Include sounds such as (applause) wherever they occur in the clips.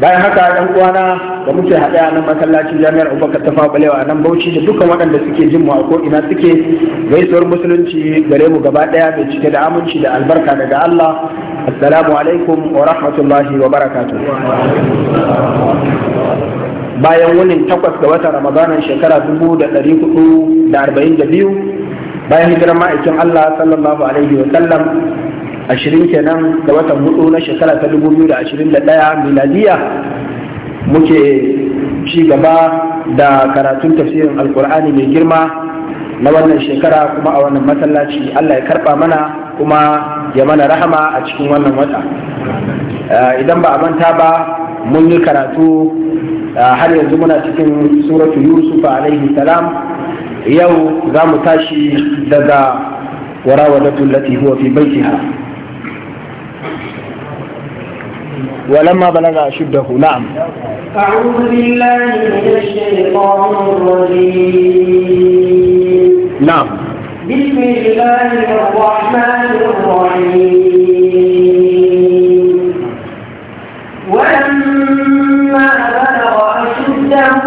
bayan haka ɗan uwana da muke haɗe a nan masallacin jami'ar abubakar ta balewa a nan bauchi da dukkan waɗanda suke jin mu a ko'ina suke gaisuwar musulunci gare mu gaba ɗaya mai cike da aminci da albarka daga allah assalamu alaikum wa rahmatullahi wa barakatu bayan wunin takwas ga watan ramadanan shekara dubu da ɗari hudu da arba'in da biyu bayan hijirar ma'aikin allah sallallahu alaihi wa sallam ashirin kenan da watan hudu na shekara ta dubu biyu da ashirin da ɗaya miladiya muke ci gaba da karatun tafsirin alkur'ani mai girma na wannan shekara kuma a wannan masallaci allah ya karɓa mana kuma ya mana rahama a cikin wannan wata eh, idan ba a manta ba mun yi karatu eh, har yanzu muna cikin suratu yusuf alaihi salam yau za mu tashi daga da tullati huwa fi baitiha ولما بلغ أشده نعم أعوذ بالله من الشيطان الرجيم نعم بسم الله الرحمن الرحيم ولما بلغ أشده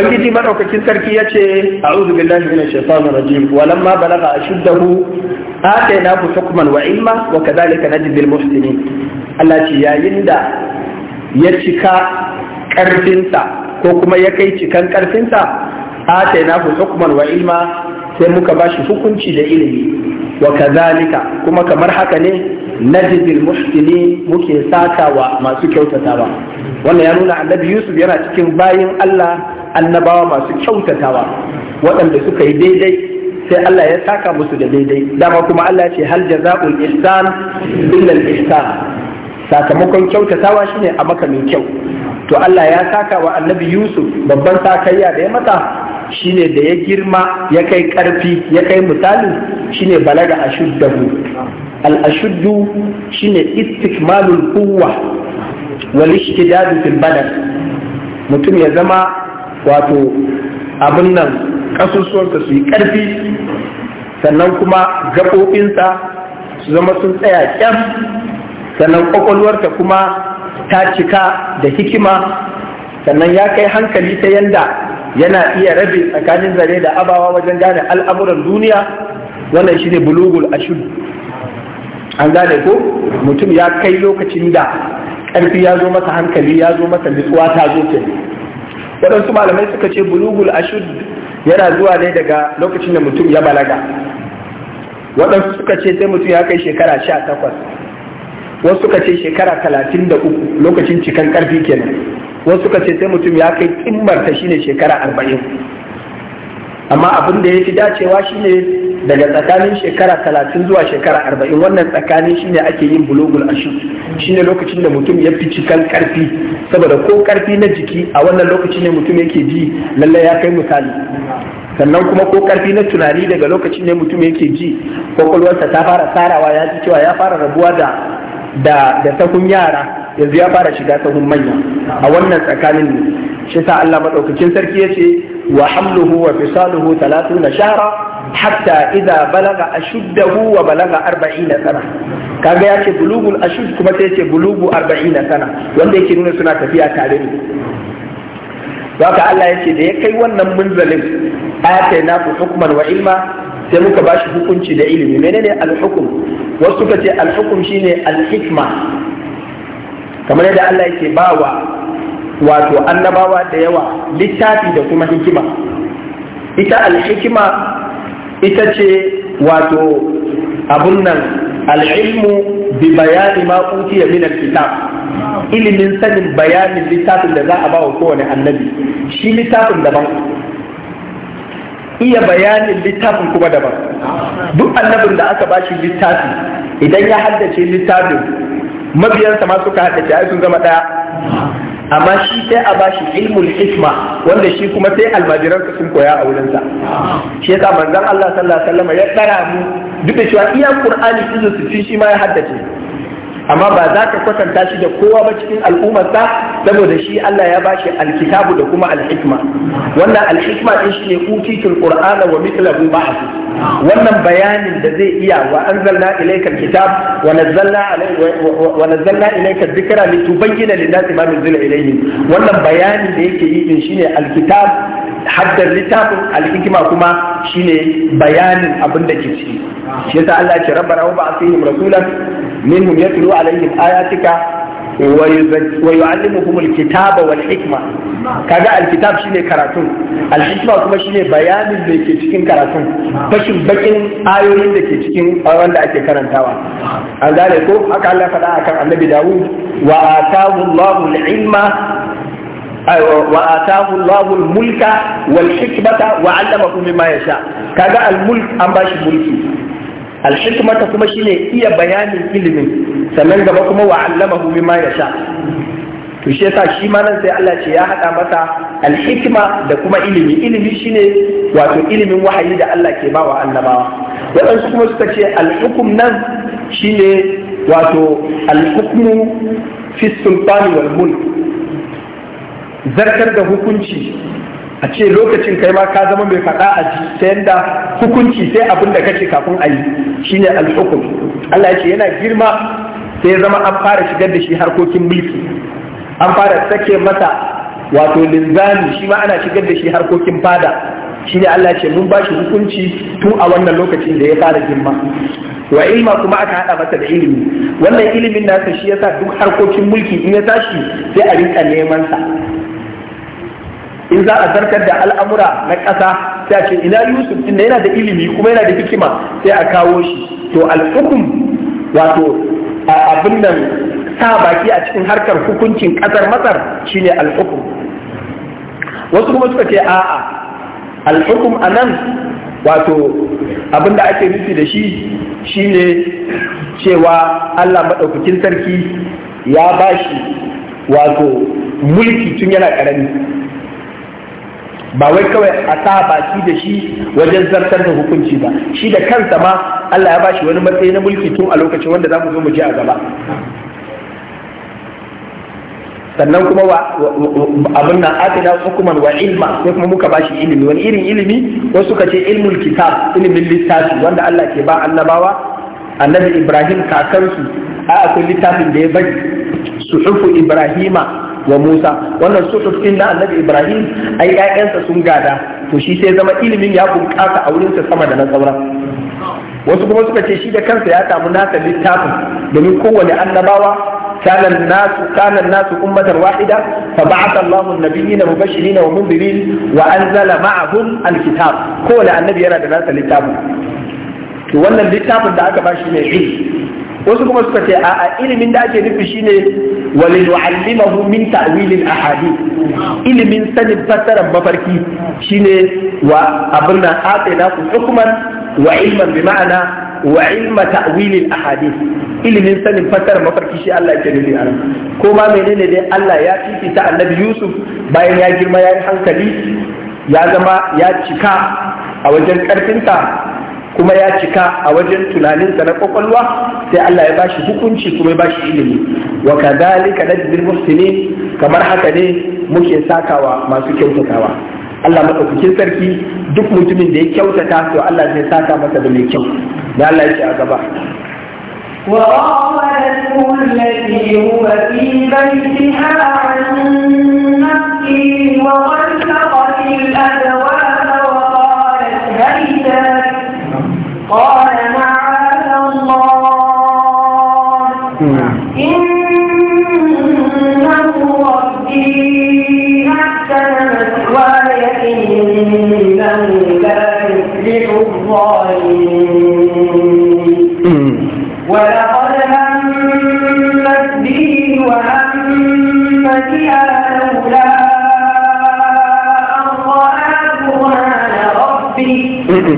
ubangiji madaukakin sarki ya ce a'udhu billahi minash shaitanir rajim walamma balagha ashuddahu atainahu hukman wa ilma wa kadhalika najzil muhsinin Allah ce yayin da ya cika karfinsa ko kuma ya kai cikan karfinsa atainahu hukman wa ilma sai muka bashi hukunci da ilimi wa kadhalika kuma kamar haka ne najzil muhsinin muke wa masu kyautatawa wannan ya nuna annabi Yusuf yana cikin bayin Allah annabawa masu kyautatawa waɗanda suka yi daidai sai Allah ya saka musu da daidai dama kuma Allah ce hal jaza'ul ihsan illa al ihsan sakamakon kyautatawa shine a maka mai kyau to Allah ya saka wa annabi Yusuf babban sakayya da ya mata shine da ya girma ya kai karfi ya kai misali shine balaga ashuddahu al ashuddu shine istikmalul quwwa wal ishtidad fil badan mutum ya zama wato abin nan ƙasusuwansa su yi ƙarfi sannan kuma gaɓoɓinsa su zama sun tsaya ƙyar sannan ƙwaƙwalwarta kuma ta cika da hikima sannan ya kai hankali ta yanda yana iya rabe tsakanin zare da abawa wajen gane al'amuran duniya wannan shi ne bulugul ashud an gane ko mutum ya kai lokacin da ƙarfi ya zo masa hankali ya zo masa nutsuwa ta zo kenan waɗansu malamai suka ce bulugul ashud yana zuwa ne daga lokacin da mutum ya balaga waɗansu suka ce sai mutum ya kai shekara sha takwas wasu suka ce shekara talatin da uku lokacin cikan ƙarfi kenan wasu suka ce sai mutum ya kai ta shine shekara arba'in amma abin da ya fi dacewa shine daga tsakanin shekara talatin zuwa shekara arba'in wannan tsakanin shine ake yin bulogul shi shine lokacin da mutum ya fi cikan karfi saboda ko karfi na jiki a wannan lokacin ne mutum yake ji lallai ya kai misali sannan kuma ko karfi na tunani daga lokacin ne mutum yake ji kwakwalwarsa ta fara sarawa ya ji cewa ya fara rabuwa da da da sahun yara yanzu ya fara shiga sahun manya a wannan tsakanin ne shi sa Allah madaukakin sarki yace wa hamluhu wa fisaluhu 30 shahra hatta idza balaga ashuddahu wa balaga 40 sana kaga ya ce bulugul ashud kuma sai ya ce bulugu sana wanda yake nuna suna tafiya tare ne haka Allah ya ce da ya kai wannan munzalin na ku hukman wa ilma sai muka bashi hukunci da ilimi menene al-hukm wasu ka ce al-hukm shine al-hikma kamar yadda Allah yake bawa wato annabawa da yawa littafi da kuma hikima ita al ita ce wato abun nan al'ilmu bi bayani ma utiya minan kitab ilimin sanin bayanin littafin da za a bawa kowane annabi shi littafin daban iya bayanin littafin kuma daban duk annabin da aka bashi littafi idan ya haddace littafin mabiyansa ma suka haddace ai sun zama daya amma shi sai a bashi ilmul hikma wanda shi kuma sai almajiran sun koya a sa shi yasa manzon Allah sallallahu alaihi wasallam ya tsara mu duk da cewa iya qur'ani izu su shi ma ya haddace amma ba za ka kwatanta shi da kowa ba cikin al'ummarsa saboda shi Allah ya bashi alkitabu da kuma alhikma wannan alhikma din shine utitul qur'ana wa mithlahu ma'ahu wannan bayanin da zai iya wa anzalna ilayka alkitab wa nazzalna wa nazzalna ilayka dhikra litubayyana lin-nasi ma nuzila ilayhim wannan bayanin da yake yi din shine alkitab haddar littafin alhikima kuma shine bayanin abin da ke ciki shi yasa Allah ya ce rabbana ba ba'athihim rasulan minhum yatlu alaihim ayatika wa yu'allimuhum alkitaba wal hikma kaga alkitab shine karatun alhikma kuma shine bayanin da ke cikin karatun bashin bakin ayoyin da ke cikin wanda ake karantawa an gane ko haka Allah faɗa akan annabi Dawud wa atahu Allahu al وآتاه الله الملك والحكمة وعلمه مما يشاء كذا الملك أم باش ملكي الحكمة كما شيء هي بيان العلم سنن gaba kuma wa allamahu mimma yasha to shi yasa shi ma nan sai Allah ce ya haɗa masa alhikma da kuma ilimi ilimi shine wato ilimin wahayi da Allah ke bawa annabawa waɗansu kuma suka ce alhukum nan shine wato alhukmu fi sultani wal mulk zartar da hukunci a ce lokacin kai ma ka zama mai faɗa a ji ta yadda hukunci sai abin da kace kafin a yi shine al-hukum Allah ya ce yana girma sai zama an fara shigar da shi harkokin mulki an fara sake masa wato linzami shi ma ana shigar da shi harkokin fada shine Allah ce mun bashi hukunci tun a wannan lokacin da ya fara girma wa ilma kuma aka hada masa da ilimi wannan ilimin nasa shi yasa duk harkokin mulki in ya tashi sai a rinka neman sa in za a zartar da al'amura na ƙasa sai a ce ina yusuf inda yana da ilimi kuma yana da hikima sai a kawo shi to al'ukum wato abin nan sa baki a cikin harkar hukuncin ƙasar masar shine al'ukum wasu kuma suka ce a'a al'ukum a nan wato abin da ake nufi da shi shine cewa allah maɗaukakin sarki ya ba shi wato mulki tun yana ƙarami ba wai kawai a sa baki da shi wajen zartar da hukunci ba shi da kansa ma Allah ya bashi wani matsayi na mulki tun a lokacin wanda za mu zo mu je a gaba sannan kuma abin nan atina hukuman wa ilma sai kuma muka bashi ilimi wani irin ilimi wasu suka ce ilmul kitab ilimin littafi wanda Allah ke ba annabawa annabi Ibrahim kakansu a akwai littafin da ya bari suhufu Ibrahima wa Musa wannan suhuf din na Annabi Ibrahim ai ƴaƴansa sun gada to shi sai zama ilimin ya bunƙasa a wurinsa sama da na sauran wasu kuma suka ce shi da kansa ya samu nasa littafin domin kowane annabawa كان الناس كان الناس أمة واحدة فبعث الله النبيين مبشرين ومنذرين وأنزل معهم الكتاب yana النبي يرى الناس الكتاب wannan littafin da aka shi mai ilmi wasu kuma suka ce a'a ilimin da ake nufi shine walil yu'allimahu min ta'wilil ahadith ilimin sanin fassara mafarki shine wa abin nan atina ku hukman wa ilman bi ma'ana wa ilma ta'wilil ahadith ilimin sanin fassara mafarki shi Allah ke nufi a ko ma menene dai Allah ya fifita Annabi Yusuf bayan ya girma ya yi hankali ya zama ya cika a wajen karfinta kuma ya cika a wajen tunaninsa na kwakwalwa sai Allah ya bashi hukunci kuma ya bashi ilimi wa kadhalika najzil muhsinin kamar haka ne muke sakawa masu kyautatawa Allah madaukakin sarki duk mutumin da ya kyautata to Allah zai saka masa da mai kyau da Allah ya ce a gaba وراودته التي هو في بيتها عن نفسه وغلقت الأبواب قال ما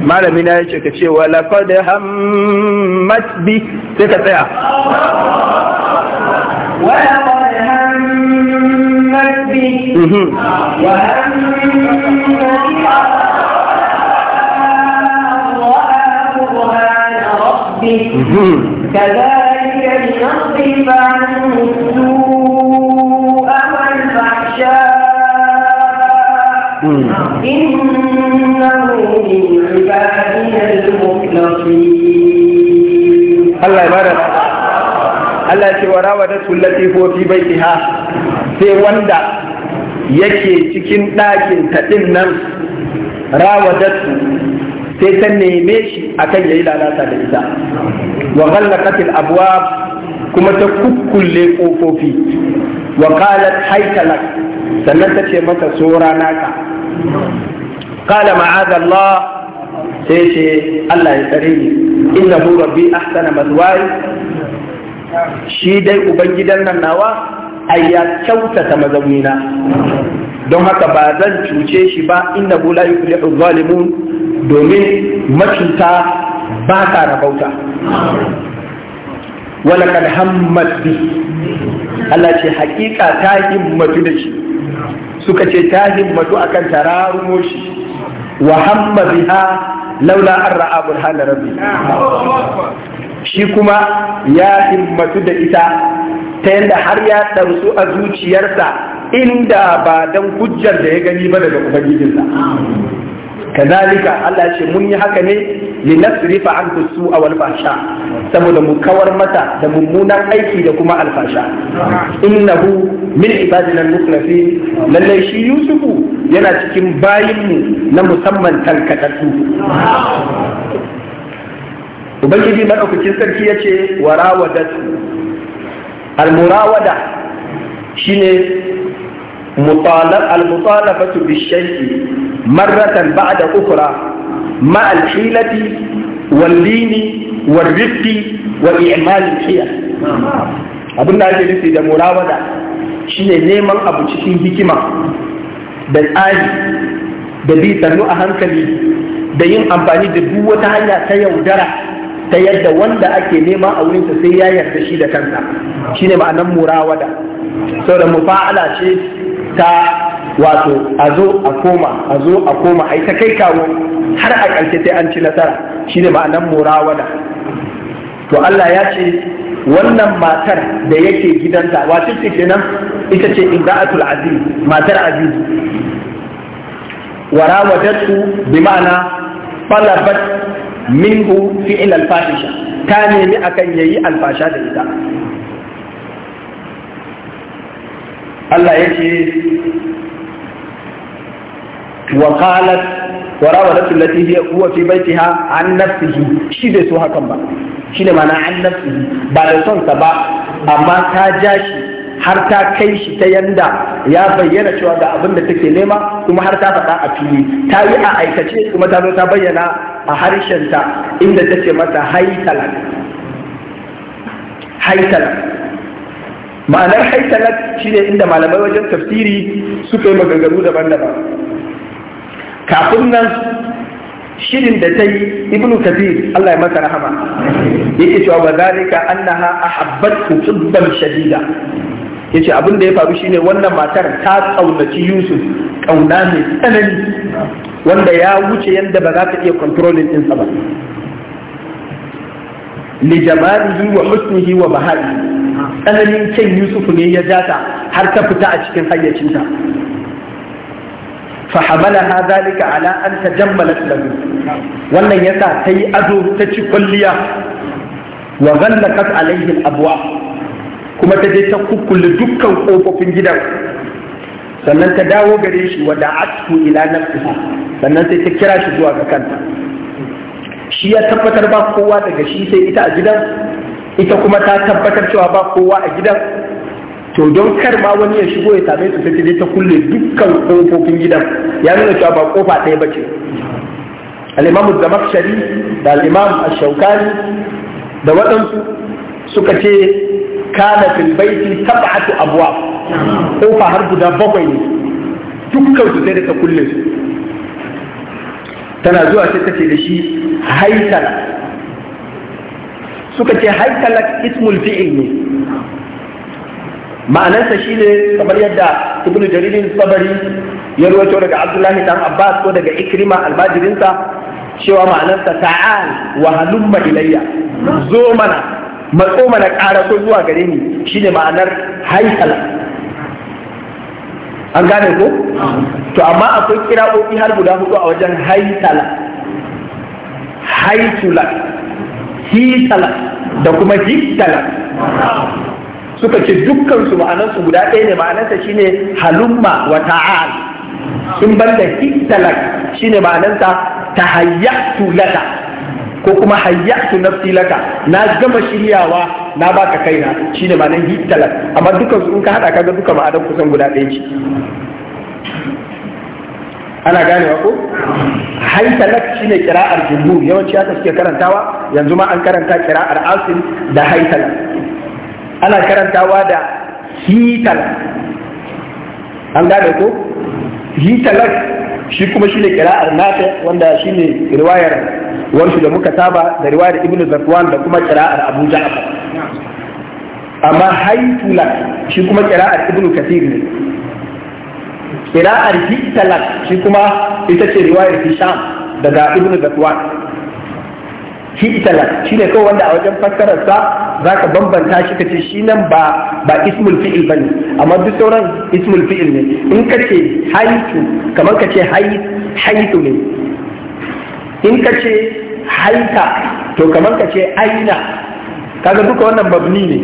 malami na ya ce ka ce wa laqad hammat bi sai ka tsaya wa laqad hammat bi wa كذلك لنصرف عنه السوء والفحشاء Allah ya Allah ce wa rawadatu allati huwa fi ha? sai wanda yake cikin ɗakin taɗin nan nan rawadatu sai ta neme shi akan yayi lalata da ita wa ghallaqatil abwab kuma ta kukkulle kofofi wa qalat haytalak sannan ta ce masa sora naka qala ma'azallah sai ce Allah ya tsare ni inna hu rabbi ahsana maswaya shi dai ubangidan nan nawa ai ya kyautata mazaunina don haka ba zan cuce shi ba inna hu la yuflihu zalimun domin macuta ba ta rabauta wala kan hammat bi Allah ce hakika ta himmatu da shi suka ce ta himmatu akan tararumo shi wa hamma biha laula an ra'a burhan rabbi shi kuma ya himmatu da ita ta yadda har ya ɗansu a zuciyarsa inda ba dan hujjar da ya gani ba daga ubangijinsa kazalika Allah ce mun yi haka ne li nasrifa anhu su'a wal fahsha saboda mu kawar mata da mummunan aiki da kuma alfasha innahu min ibadina al-mukhlasin lalle shi yusufu yana cikin bayinmu na musamman talkatattu ubangiji madaukakin sarki yace warawadatu al-murawada shine mutalab al-mutalafatu bi-shay'i marratan ba'da ukra ma alhilati wallini warrifki wa i'mal alhiyar abin da ake nufi da murawada shine neman abu cikin hikima da tsari da bi a hankali da yin amfani da duk wata hanya ta yaudara ta yadda wanda ake neman a wurinsa sai ya yarda shi da kansa shine ma'anar murawada saboda mufa'ala ce ta wato a zo a koma a zo a koma a yi ta kai kawo har a ƙarshe sai an ci nasara shi shine ma'anan murawada to Allah ya ce wannan matar da yake gidanta wato ce kenan ita ce imra'atul aziz matar aziz warawadatu bi ma'ana talabat minhu fi'l al-fahisha ta nemi akan yayi alfasha da ita Allah ya ce wa qalat wa rawadatu allati hiya huwa fi baitiha an nafsihi shi bai so hakan ba shi ne ma'ana an nafsihi ba da son sa ba amma ta ja shi har ta kai shi ta yanda ya bayyana cewa ga abin da take nema kuma har ta faɗa a fili ta yi a aikace kuma ta zo ta bayyana a harshen ta inda take mata haitala haitala ma'anar haitalat shi ne inda malamai wajen tafsiri suka yi maganganu daban-daban kafin nan shirin da ta yi ibnu kafir Allah ya masa rahama yake cewa wa zalika annaha ahabbatu hubban shadida yace abin da ya faru shine wannan matar ta kaunaci Yusuf kauna mai tsanani wanda ya wuce yadda ba za ta iya controlling din sa ba li jamalihi wa husnihi wa bahari tsananin kyan Yusuf ne ya jata har ta fita a cikin hayyacinta فحملها ذلك على أن تجملت له وأن يسع تي أدو تشي وغلقت عليه الأبواب كما تجي تقول كل وقوبة في جدا sannan ta dawo gare shi wa da'atu ila nafsiha sannan sai ta kira shi zuwa ga kanta shi ya tabbatar ba kowa daga shi sai ita a gidan ita kuma ta tabbatar cewa ba kowa a gidan to don kar ma wani ya shigo ya same su sai ta kulle dukkan kofofin gidan ya nuna cewa ba kofa ɗaya ba ce al-imam zamakshari da al-imam ash-shawkani da waɗansu suka ce kana fil baiti sab'atu abwa kofa har guda bakwai ne dukkan su sai ta kulle su tana zuwa sai ta ce da shi haitala suka ce haitala ismul fi'il ne ma'anarsa ne kamar yadda ibnu jaririn sabari ya ruwato daga abdullahi dan abbas ko daga ikrima almajirinsa cewa ma'anarsa ta'al wa halumma ilayya zo mana matso mana ƙara ko zuwa gare ni shine ma'anar haikala an gane ko to amma akwai kira'o'i har guda hudu a wajen haitala haitula hitala da kuma hitala suka ce dukkansu ma'anansu guda ɗaya ne ma'anansa shine halumma wa ta'al in banda hittalak shine ma'anansa ta hayyatu laka ko kuma hayyatu nafsi laka na gama shiryawa na baka kaina shine ma'anar hittalak amma dukkansu in ka hada kaga duka ma'anar kusan guda ɗaya ce ana ganewa ko haitalak shine kira'ar jumhur yawanci haka suke karantawa yanzu ma an karanta kira'ar asin da haitalak ana karantawa da hital an gane ko hitalak shi kuma shine kira'ar nata wanda shine riwayar wansu da muka saba da riwayar ibnu zakwan da kuma kira'ar abu ja'far amma haitulak shi kuma kira'ar ibnu kathir ne kira'ar hitalak shi kuma ita ce riwayar hisham daga ibnu zakwan shi shi ne kawai wanda a wajen fassararsa za ka bambanta shi ka ce shi nan ba ismul fi'il bane amma duk sauran ismul fi'il ne in ka ce haitu kamar ka ce haitu ne in ka ce haita to kamar ka ce aina kaga duka wannan babni ne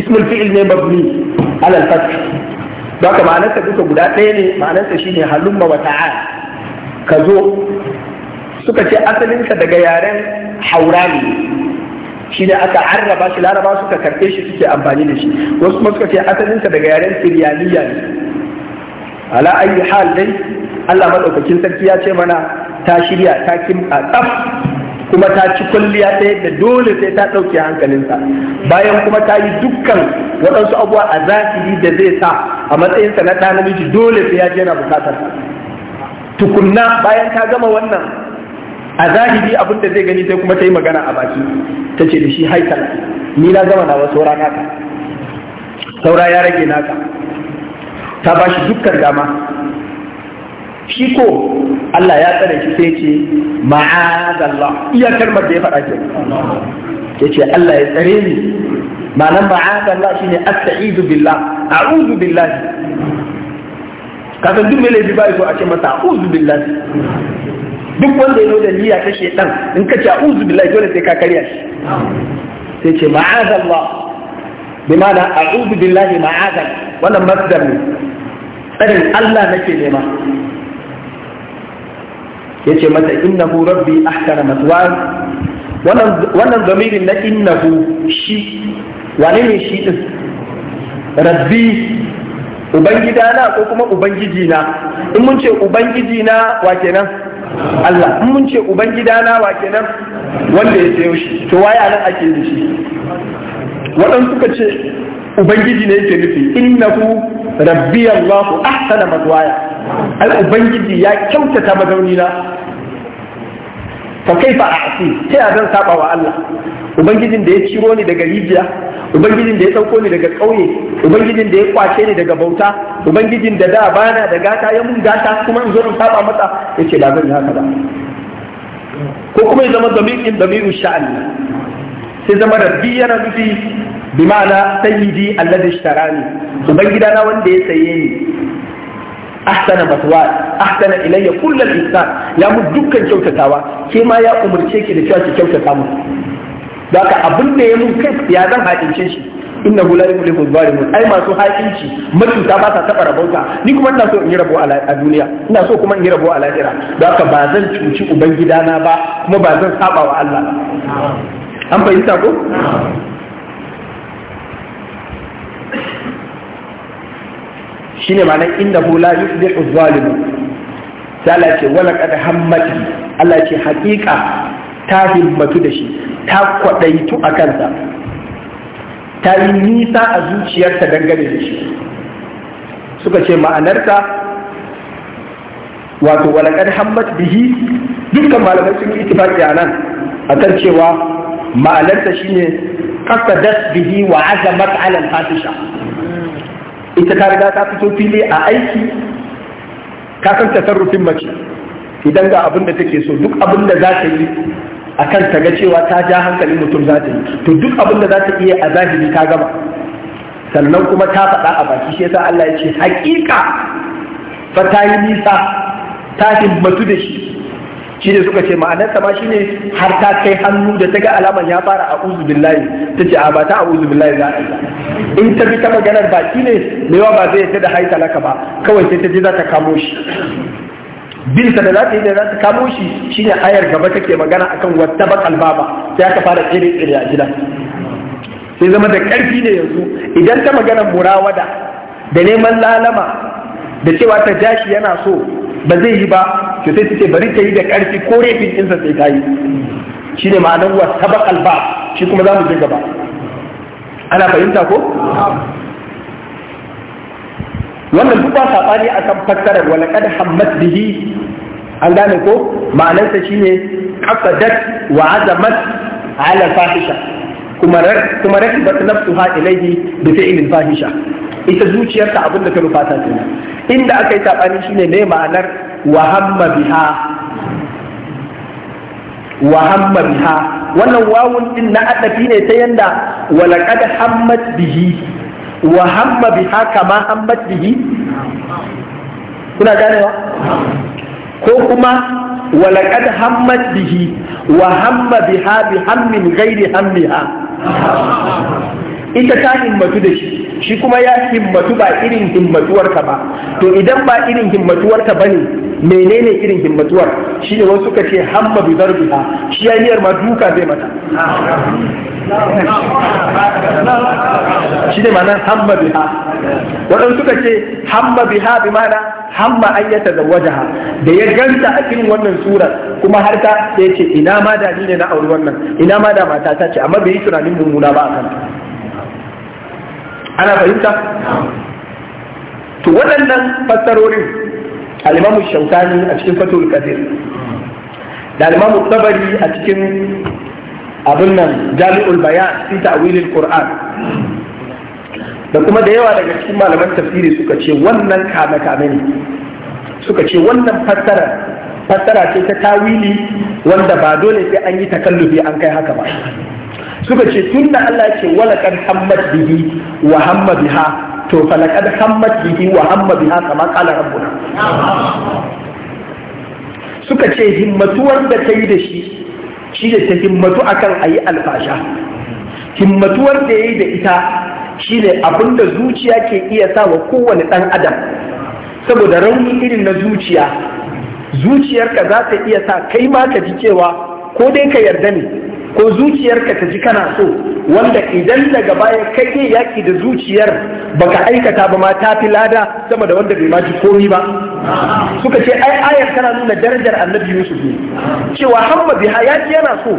ismul fi'il ne babni alal fath ba ka ma'anarsa duka guda ɗaya ne ma'anarsa shine halumma wa ta'ala ka zo suka ce asalinsa daga yaren haura shi ne aka arraba shi laraba suka karɓe shi suke amfani da shi wasu kuma suka ce asalinsa daga yaren siriyaniya ne ala ayi hal dai Allah madaukakin sarki ya ce mana ta shirya ta kim a tsaf kuma ta ci kwalliya ta yadda dole sai ta ɗauke hankalinsa bayan kuma ta yi dukkan waɗansu abubuwa a zahiri da zai sa a matsayinsa na ɗa namiji dole sai ya je na bukatar tukunna bayan ta gama wannan a zahiri abin da zai gani sai kuma ta yi magana a baki ta ce da shi haikal ni na na nawa saura naka saura ya rage naka ta ba shi dukkan dama shi ko Allah ya tsare shi sai ce ma'azallah iya kalmar da ya faɗa ke ya ce Allah ya tsare ni ma'anar ma'azallah ne asta'idu billah a'udhu billahi kasan duk mai laifi ba ya so a ce masa a'udhu billahi duk wanda ya nuna da niyya ta shaitan in ka ce uzu billahi dole sai ka karya shi sai ce ma'azallah bi a a'udhu billahi ma'azal wannan masdar ne tsarin Allah nake nema ce mata innahu rabbi ahkara matwaya wannan wannan zamirin na innahu shi wane ne shi din rabbi ubangidana ko kuma ubangijina in mun ce ubangijina wa kenan Allah in mun ce ubangida gidana wa kenan wanda ya sayo shi to waye anan ake da shi waɗansu suka ce ubangiji ne yake nufi innahu rabbi Allah ahsana waya? al ubangiji ya kyautata mazaunina fa kaifa a'si sai a zan saba wa Allah ubangijin da ya ciro ni daga rijiya ubangijin da ya sauko ni daga ƙauye ubangijin da ya kwace ni daga bauta ubangijin da da bana da gata ya mun gata kuma in zo in saba masa ya da zan yi haka ba ko kuma ya zama da miru sha'ani sai zama rabbi yana nufi bi ma'ana sayyidi alladhi ishtarani ubangida na wanda ya saye ni ahsana matwa ahsana ilayya kullal ihsan ya mu dukkan kyautatawa ke ma ya umurce ki da cewa ki kyautata mu baka abin da ya mun kai ya zan haƙince shi inna la zuwa zalimun ai masu haƙinci matuta ba sa taɓa rabauta ni kuma ina so in yi rabo a duniya ina so kuma in yi rabo a lahira baka ba zan cuci ubangidana ba kuma ba zan saɓa wa Allah an fahimta ko Shi ne ma'anar inna la yuflihu zalimun sai Allah ce wala qad hammati Allah ce haƙiƙa ta himmatu da shi ta kwadaitu a kansa ta yi nisa a zuciyarta dangane da shi suka ce ma'anarta wato walakar hammat bihi dukkan malamai sun yi itifaki a nan a kan cewa ma'anarta shine qasadat bihi wa azamat alam fatisha ita ta riga ta fito fili a aiki ka san tasarrufin mace idan ga abin da take so duk abin da za ta yi a kan ta ga cewa ta ja hankali mutum za ta yi to duk abin da za ta iya a zahiri ta gama sannan kuma ta faɗa a baki shi yasa Allah ya ce haƙiƙa fa ta yi nisa ta himmatu da shi shi ne suka ce ma'anarsa ma shi ne har ta kai hannu da ta ga alamar ya fara a uzu billahi ta ce a ba ta a uzu billahi za a in ta bi ta maganar baki ne mai yawa ba zai yadda da haita laka ba kawai sai ta je za ta kamo shi bin da za ta yi da za ta kamo shi shine ayar gaba take magana akan wata bakal baba sai aka fara tsere tsere a gida sai zama da karfi ne yanzu idan ta magana murawada da neman lalama da cewa ta jashi yana so ba zai yi ba to sai ta bari ta yi da karfi ko rafin ɗinsa sai ta yi shine ma'anar wata bakal ba shi kuma za mu je gaba ana fahimta ko wannan duk ba saɓani a kan fassarar wala kad hammat bihi an gane ko ma'anarsa shine qasadat wa azamat ala fahisha kuma kuma rakibat nafsuha ilayhi bi fi'lin fahisha ita zuciyarta abinda ta rufa ta kenan inda aka yi saɓani shine ne ma'anar wa hamma biha wa hamma biha wannan wawun din na adafi ne ta yanda wala kad hammat bihi wa hamma biha kama hammat bihi kuna ganewa ko kuma ولقد همت به وهم بها بهم غير hammiha, ita ta himmatu da shi shi kuma ya himmatu ba irin himmatuwarka ba to idan ba irin himmatuwarka bane menene irin himmatuwar shi ne wasu ka ce hamma bi zarbiha shi ya niyyar ma duka zai mata shi ne mana hamma biha waɗansu suka ce hamma biha bi mana hamma an yata wajaha. da ya ganta a cikin wannan sura kuma har ta ya ce ina ma da ni ne na auri wannan ina ma da mata ta ce amma bai yi tunanin mummuna ba a kanta ana fahimta to waɗannan fassarorin al-imamu shaukani a cikin fatul kadir da al-imamu tabari a cikin abun nan jami'ul bayan fi ta'wilil qur'an da kuma da yawa daga cikin malaman tafsiri suka ce wannan kame kame ne suka ce wannan fassara fassara ce ta tawili wanda ba dole sai an yi takallufi an kai haka ba suka ce tunda Allah ya ce wala kan hammad bihi wa hamma biha to falakad hammat bihi wa hamma biha kama qala rabbuna suka ce himmatuwar da ta yi da shi shi da ta himmatu akan ayi alfasha himmatuwar da ya yi da ita shi ne abinda zuciya ke iya sawa wa kowane ɗan adam saboda rauni irin na zuciya zuciyarka za ta iya sa kai ma ka ji cewa ko dai ka yarda ne ko zuciyarka ta ji kana so wanda idan daga baya kai ke yaki da zuciyar baka aikata ba ma ta fi lada sama da wanda bai ma ji komi ba suka ce ai ayar tana nuna darajar annabi yusuf ne cewa hamma biha yaki yana so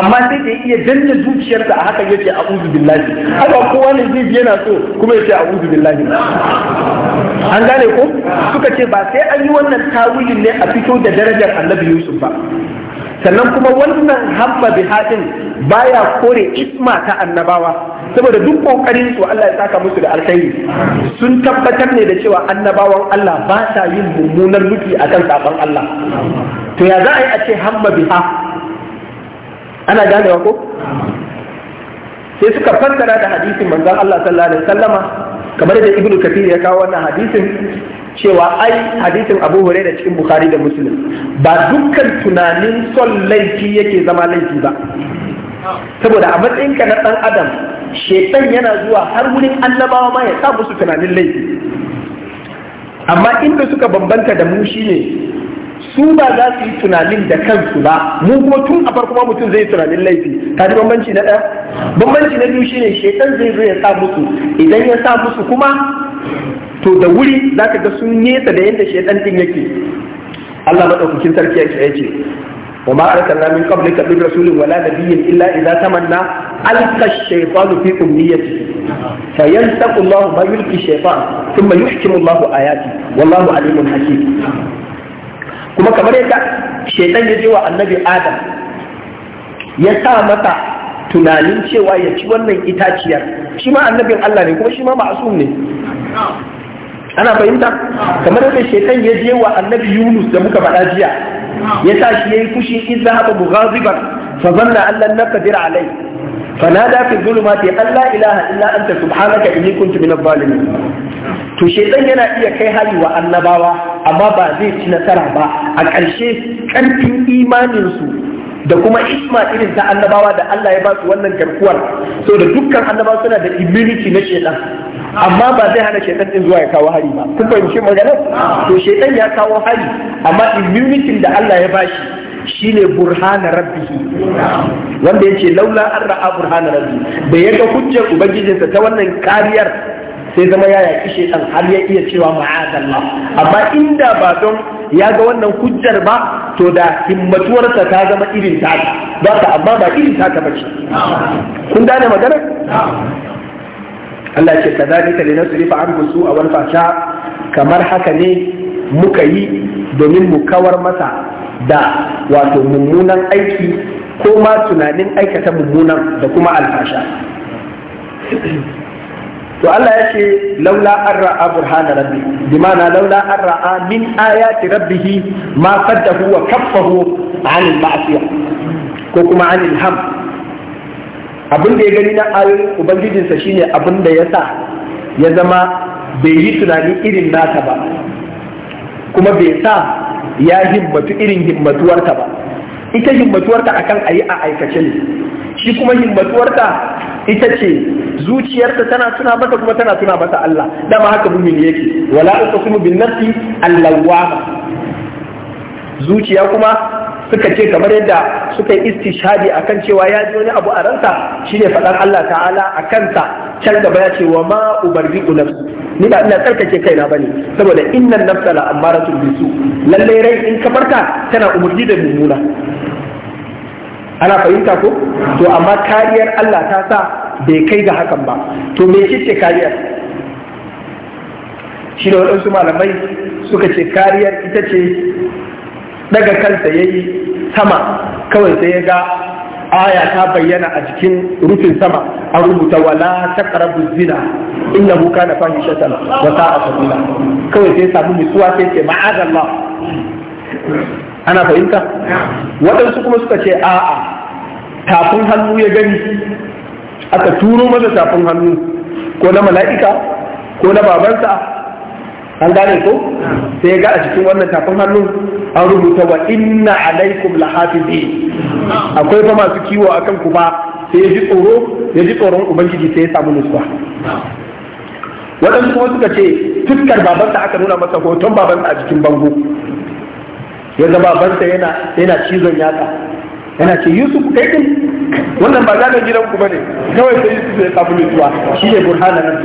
amma sai da iya danna zuciyarsa a haka yace a'udhu billahi haka kowa ne zai yana so kuma yace a'udhu billahi an gane ko suka ce ba sai an yi wannan tawilin ne a fito da darajar annabi yusuf ba sannan kuma wannan hamma bi hadin baya kore isma ta annabawa saboda duk kokarin su Allah ya saka musu da alkhairi sun tabbatar ne da cewa annabawan Allah ba sa yin mummunar nufi akan sabon Allah to ya za a yi a ce hamma biha ana ganewa ko sai suka fassara da hadisin manzon Allah sallallahu alaihi wasallama kamar da ibnu kathir ya kawo wannan hadisin cewa ai hadisin abu da cikin bukhari da musulun ba dukkan tunanin son laifi yake zama laifi ba saboda a matsayinka na ɗan adam shekan yana zuwa har wurin annabawa ma ya sa musu tunanin laifi amma inda suka bambanta da mu shine su ba za su yi tunanin da kansu ba mu kuma tun a farko mutum zai yi tunanin laifi ka ji bambanci na ɗaya bambanci na biyu shine shekan zai zo ya sa musu idan ya sa musu kuma to da wuri za ka ga sun nesa da yadda shekan din yake Allah maɗaukakin sarki ya ce wa ma arsalna min qablika min rasulin wala nabiyyin illa idza tamanna alqa ash-shaytanu fi umniyatihi fayantaku Allah ma yulqi ash-shaytan thumma yuhkimu Allah ayati wallahu alimun hakim kuma kamar yadda shaitan ya je wa annabi adam ya sa mata tunanin cewa ya ci wannan itaciyar shi ma annabin Allah ne kuma shi ma ma'asum ne ana fahimta kamar yadda shaitan ya je wa annabi Yunus da muka faɗa jiya ya sa shi yayi fushi in zahaba mughaziban fa zanna an lan naqdir alai فنادى في الظلمات أن لا إله إلا أنت سبحانك إني كنت من الظالمين to shaiɗan yana iya kai hali wa annabawa amma ba zai ci nasara ba a ƙarshe ƙarfin imaninsu da kuma isma irin ta annabawa da Allah ya ba su wannan garkuwar so da dukkan annabawa suna da immunity na shedan amma ba zai hana shedan din zuwa ya kawo hari ba kun fahimci magana to shedan ya kawo hari amma immunity da Allah ya bashi shine burhana rabbihi wanda yace laula an ra'a burhana rabbi da yaga hujjar ubangijinsa ta wannan kariyar sai zama ya kishe shaitan har ya iya cewa ma'azallah amma inda ba don ya ga wannan hujjar ba to da himmatuwarsa ta zama irin ta ba ta amma ba irin ta ta bace kun gane magana Allah ce kadhalika linasrifa anhu a wal fasha. kamar haka ne muka yi domin mu kawar masa da wato mummunan aiki ko ma tunanin aikata mummunan da kuma alfasha to Allah ya ce laula an ra'a burhana rabbi bimana laula an ra'a min ayati rabbih ma faddahu wa kaffahu an al-ma'siyah ko kuma an al-ham abin da ya gani na ayoyin ubangijinsa shine abin da yasa ya zama bai yi tunani irin nata ba kuma bai sa ya himmatu irin himmatuwarta ba ita himmatuwarta akan ayi a aikace ne shi kuma himmatuwarta ita ce zuciyarta tana tuna mata kuma tana tuna mata Allah dama haka mumin yake wala uqsimu bin nafsi allawa zuciya kuma suka ce kamar yadda suka yi istishadi akan cewa ya ji wani abu a ransa shine faɗan Allah ta'ala a kanta can gaba ya ce wa ma ubarri'u ni ba ina tsarkake kaina bane saboda innan nafsa la ammaratun bisu lalle rai in ka tana umurni da mummuna ana fahimta ko to amma kariyar Allah ta sa bai kai ga hakan ba to me ce kariyar shi da waɗansu malamai suka ce kariyar ita ce daga kanta ya yi sama kawai sai ya ga aya ta bayyana a jikin rufin sama an rubuta wala ta karabu zina inna huka na shatan wata a kawai sai ya samu mutuwa sai ce ma'azallah ana fahimta waɗansu kuma suka ce a'a tafin hannu ya gani aka turo masa tafin hannu ko na mala'ika ko na babansa an gane ko sai ya ga a cikin wannan tafin hannun an rubuta wa inna alaikum lahafizi akwai fa masu kiwo akan ku ba sai ya ji tsoro ya ji tsoron ubangiji sai ya samu nutsuwa waɗansu kuma suka ce fuskar babansa aka nuna masa hoton babansa a cikin bango ya ga banta yana yana cizon yaka yana ce yusuf kai din wannan ba za ka gidan ku bane kawai sai yusuf ya kafu mutuwa shi ne burhana nan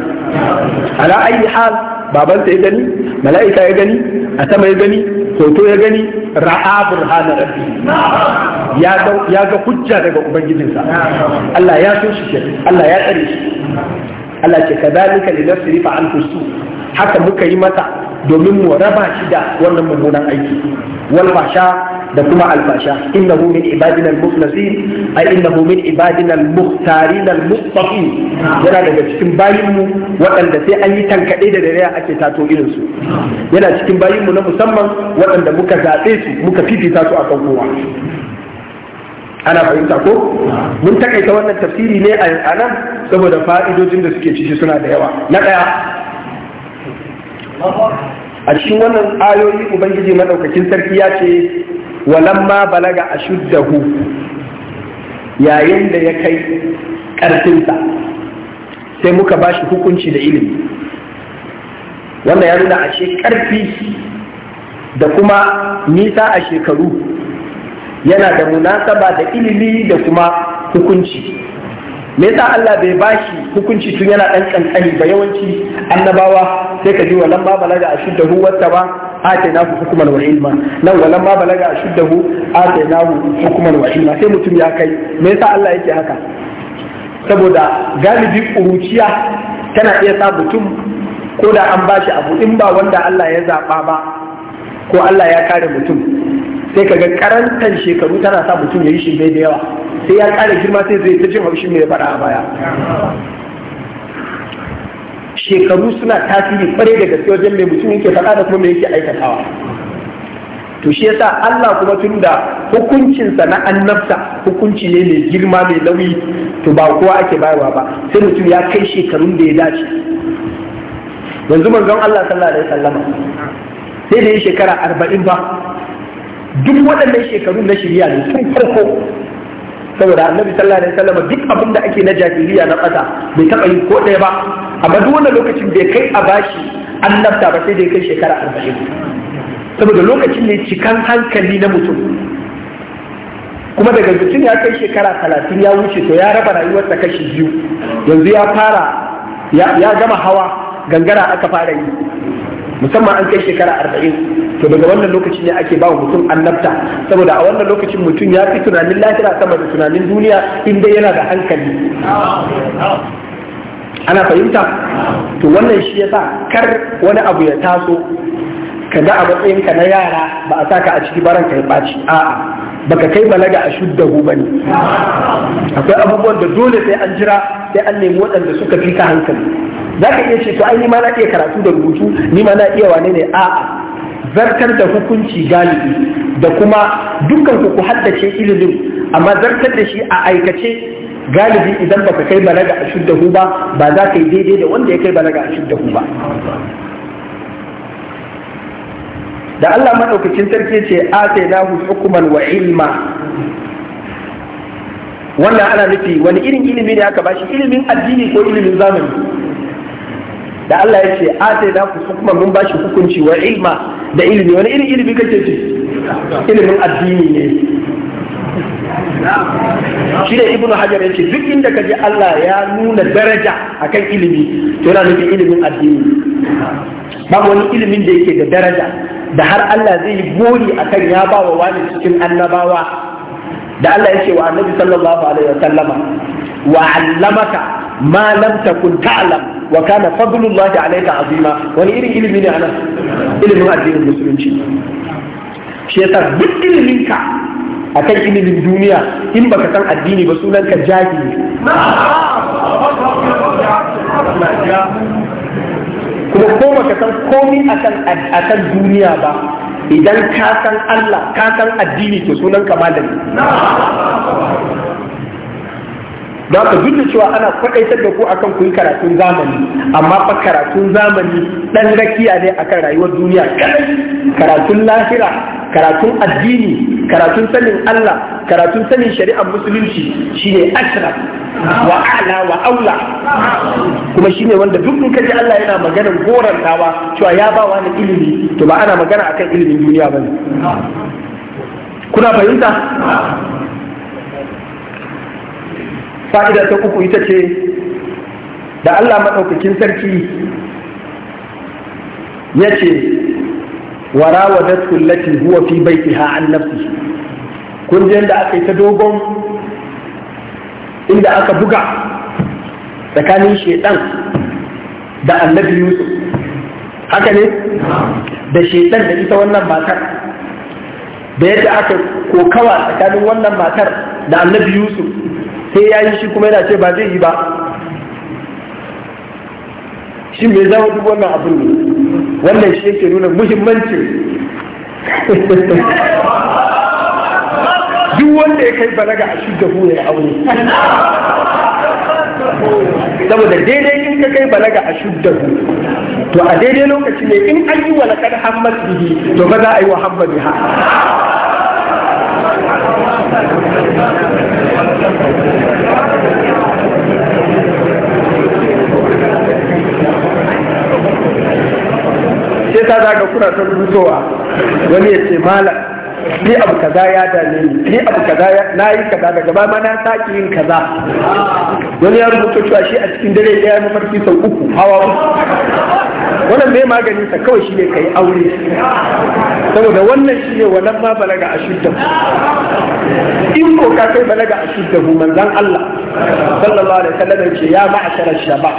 ala ayi hal babanta ya gani mala'ika ya gani a sama ya gani hoto ya gani ra'a burhana rabbi ya ga hujja daga ubangijinsa Allah ya so shi Allah ya tsare shi Allah ce kadalika li nafsi rifa an haka muka yi mata domin mu raba shi da wannan mummunan aiki wal fasha da kuma fasha innahu min ibadina al-mukhlasin ay innahu min ibadina al-mukhtarin al-muttaqin yana daga cikin bayin mu waɗanda sai an yi tankade da dare ake tato irin su yana cikin bayin mu na musamman waɗanda muka zabe su muka fifita su akan kowa ana fahimta ko mun takaita wannan tafsiri ne a nan saboda fa'idojin da suke ciki suna da yawa na ɗaya a cikin wannan ayoyi ubangiji madaukakin sarki ya ce walamma balaga a ashuddahu yayin da ya kai ƙarfinsa sai muka ba shi hukunci da ilimi wannan ya nuna ce ƙarfi da kuma nisa a shekaru yana da munasaba da ilimi da kuma hukunci me yasa Allah bai bashi hukunci tun yana dan kankani ba yawanci annabawa sai ka ji walan ma balaga ashuddahu wattaba atainahu hukman wa ilma nan walan ma balaga ashuddahu atainahu hukman wa ilma sai mutum ya kai me yasa Allah yake haka saboda galibi kuruciya tana iya sa mutum ko da an bashi abu in ba wanda Allah ya zaba ba ko Allah ya kare mutum sai kaga karantar shekaru tana sa mutum ya yi shi da yawa sai ya kara girma sai zai ta jin haushin mai fara a baya shekaru suna tasiri kwarai da gaske wajen mai mutum yake faɗa da kuma mai yake aikatawa to shi yasa Allah kuma tun da hukuncinsa na annabta hukunci ne mai girma mai nauyi to ba kowa ake bayarwa ba sai mutum ya kai shekarun da ya dace yanzu manzon Allah sallallahu alaihi wasallam sai da ya shekara arba'in ba duk waɗannan shekaru na shirya ne sun farko saboda annabi sallallahu alaihi wasallam duk abin da ake na jahiliya na ƙasa bai taɓa yi ko ɗaya ba amma duk wannan lokacin bai kai a bashi annabta ba sai da kai shekara arba'in saboda lokacin ne cikan hankali na mutum kuma daga mutum ya kai shekara talatin ya wuce to ya raba rayuwarsa kashi biyu yanzu ya fara ya gama hawa gangara aka fara yi musamman an kai shekara arba'in to daga wannan lokacin ne ake bawa mutum annabta saboda a wannan lokacin mutum ya fi tunanin lahira sama da tunanin duniya inda yana da hankali ana fahimta to wannan shi yasa kar wani abu ya taso ka ga a matsayinka na yara ba a saka a ciki baran ka ya ɓaci a'a baka kai balaga a shudda ba ne akwai abubuwan da dole sai an jira sai an nemi waɗanda suka fi ka hankali za ka iya ce to ai ni ma na iya karatu da rubutu ni ma na iya wane ne a'a zartar da hukunci galibi da kuma dukkan ku ku haddace ilimin amma zartar da shi a aikace galibi idan baka kai balaga a hu ba ba za ka yi daidai da wanda ya kai balaga a hu ba da Allah madaukakin sarki ce atainahu hukuman wa ilma wannan ana nufi wani irin ilimi ne aka bashi ilimin addini ko ilimin zamani da Allah ya ce a sai da ku kuma mun bashi hukunci wa ilma da ilimi wani irin ilimi kake ce ilimin addini ne shi da ibnu hajar ya ce duk inda ka ji Allah ya nuna daraja akan ilimi to yana nufin ilimin addini babu wani ilimin da yake da daraja da har Allah zai yi bori akan ya ba wa wani cikin annabawa da Allah ya ce wa annabi sallallahu alaihi wa sallama wa allamaka ma lam takun ta'lam wa kana fadlullahi alayka azima wani irin ilimi ne anan ilimin addinin musulunci shi duk ilimin akan ilimin duniya in baka san addini ba kuma ko baka san komi akan akan duniya ba idan ka san Allah ka san addini to sunan ka malami don ka duk da cewa ana kwaɗaitar da ku akan kun yi karatun zamani amma fa karatun zamani ɗan rakiya ne akan rayuwar duniya karatun lahira karatun addini karatun sanin Allah karatun sanin shari'ar musulunci shine asra wa a'la wa aula kuma shine wanda duk in kaji Allah yana maganar gorantawa cewa ya ba wani ilimi to ba ana magana akan ilimin duniya ba bane kuna fahimta fa'ida ta uku ita ce da Allah maɗaukakin sarki ya ce wa warawadat allati huwa fi baitiha an nafsi kun je da aka yi ta dogon inda aka buga tsakanin shedan da annabi Yusuf haka ne da shedan da ita wannan matar da yadda aka kokawa tsakanin wannan matar da annabi Yusuf sai ya yi shi kuma yana ce ba zai yi ba shi mai zama duk wannan abin ne wannan shi yake nuna muhimmanci (laughs) duk wanda ya kai balaga a shi gabu ya aure saboda daidai in ka kai balaga a ku, to a daidai lokaci ne in an yi wa laƙar hammas bihi to ba za a yi wa hamma ha. sai ta zaga kuna ta rubutowa wani ya ce malam ni abu kaza ya dame ni ni abu kaza na yi kaza da gaba ma na sake yin kaza wani ya rubuta cewa shi a cikin dare ya yi mafarki sau uku hawa uku wannan bai maganin sa kawai shine kai aure saboda wannan shine wannan ma balaga a shudda in ko ka kai balaga a shudda hu manzon Allah sallallahu alaihi wasallam ce ya ma'ashara shaba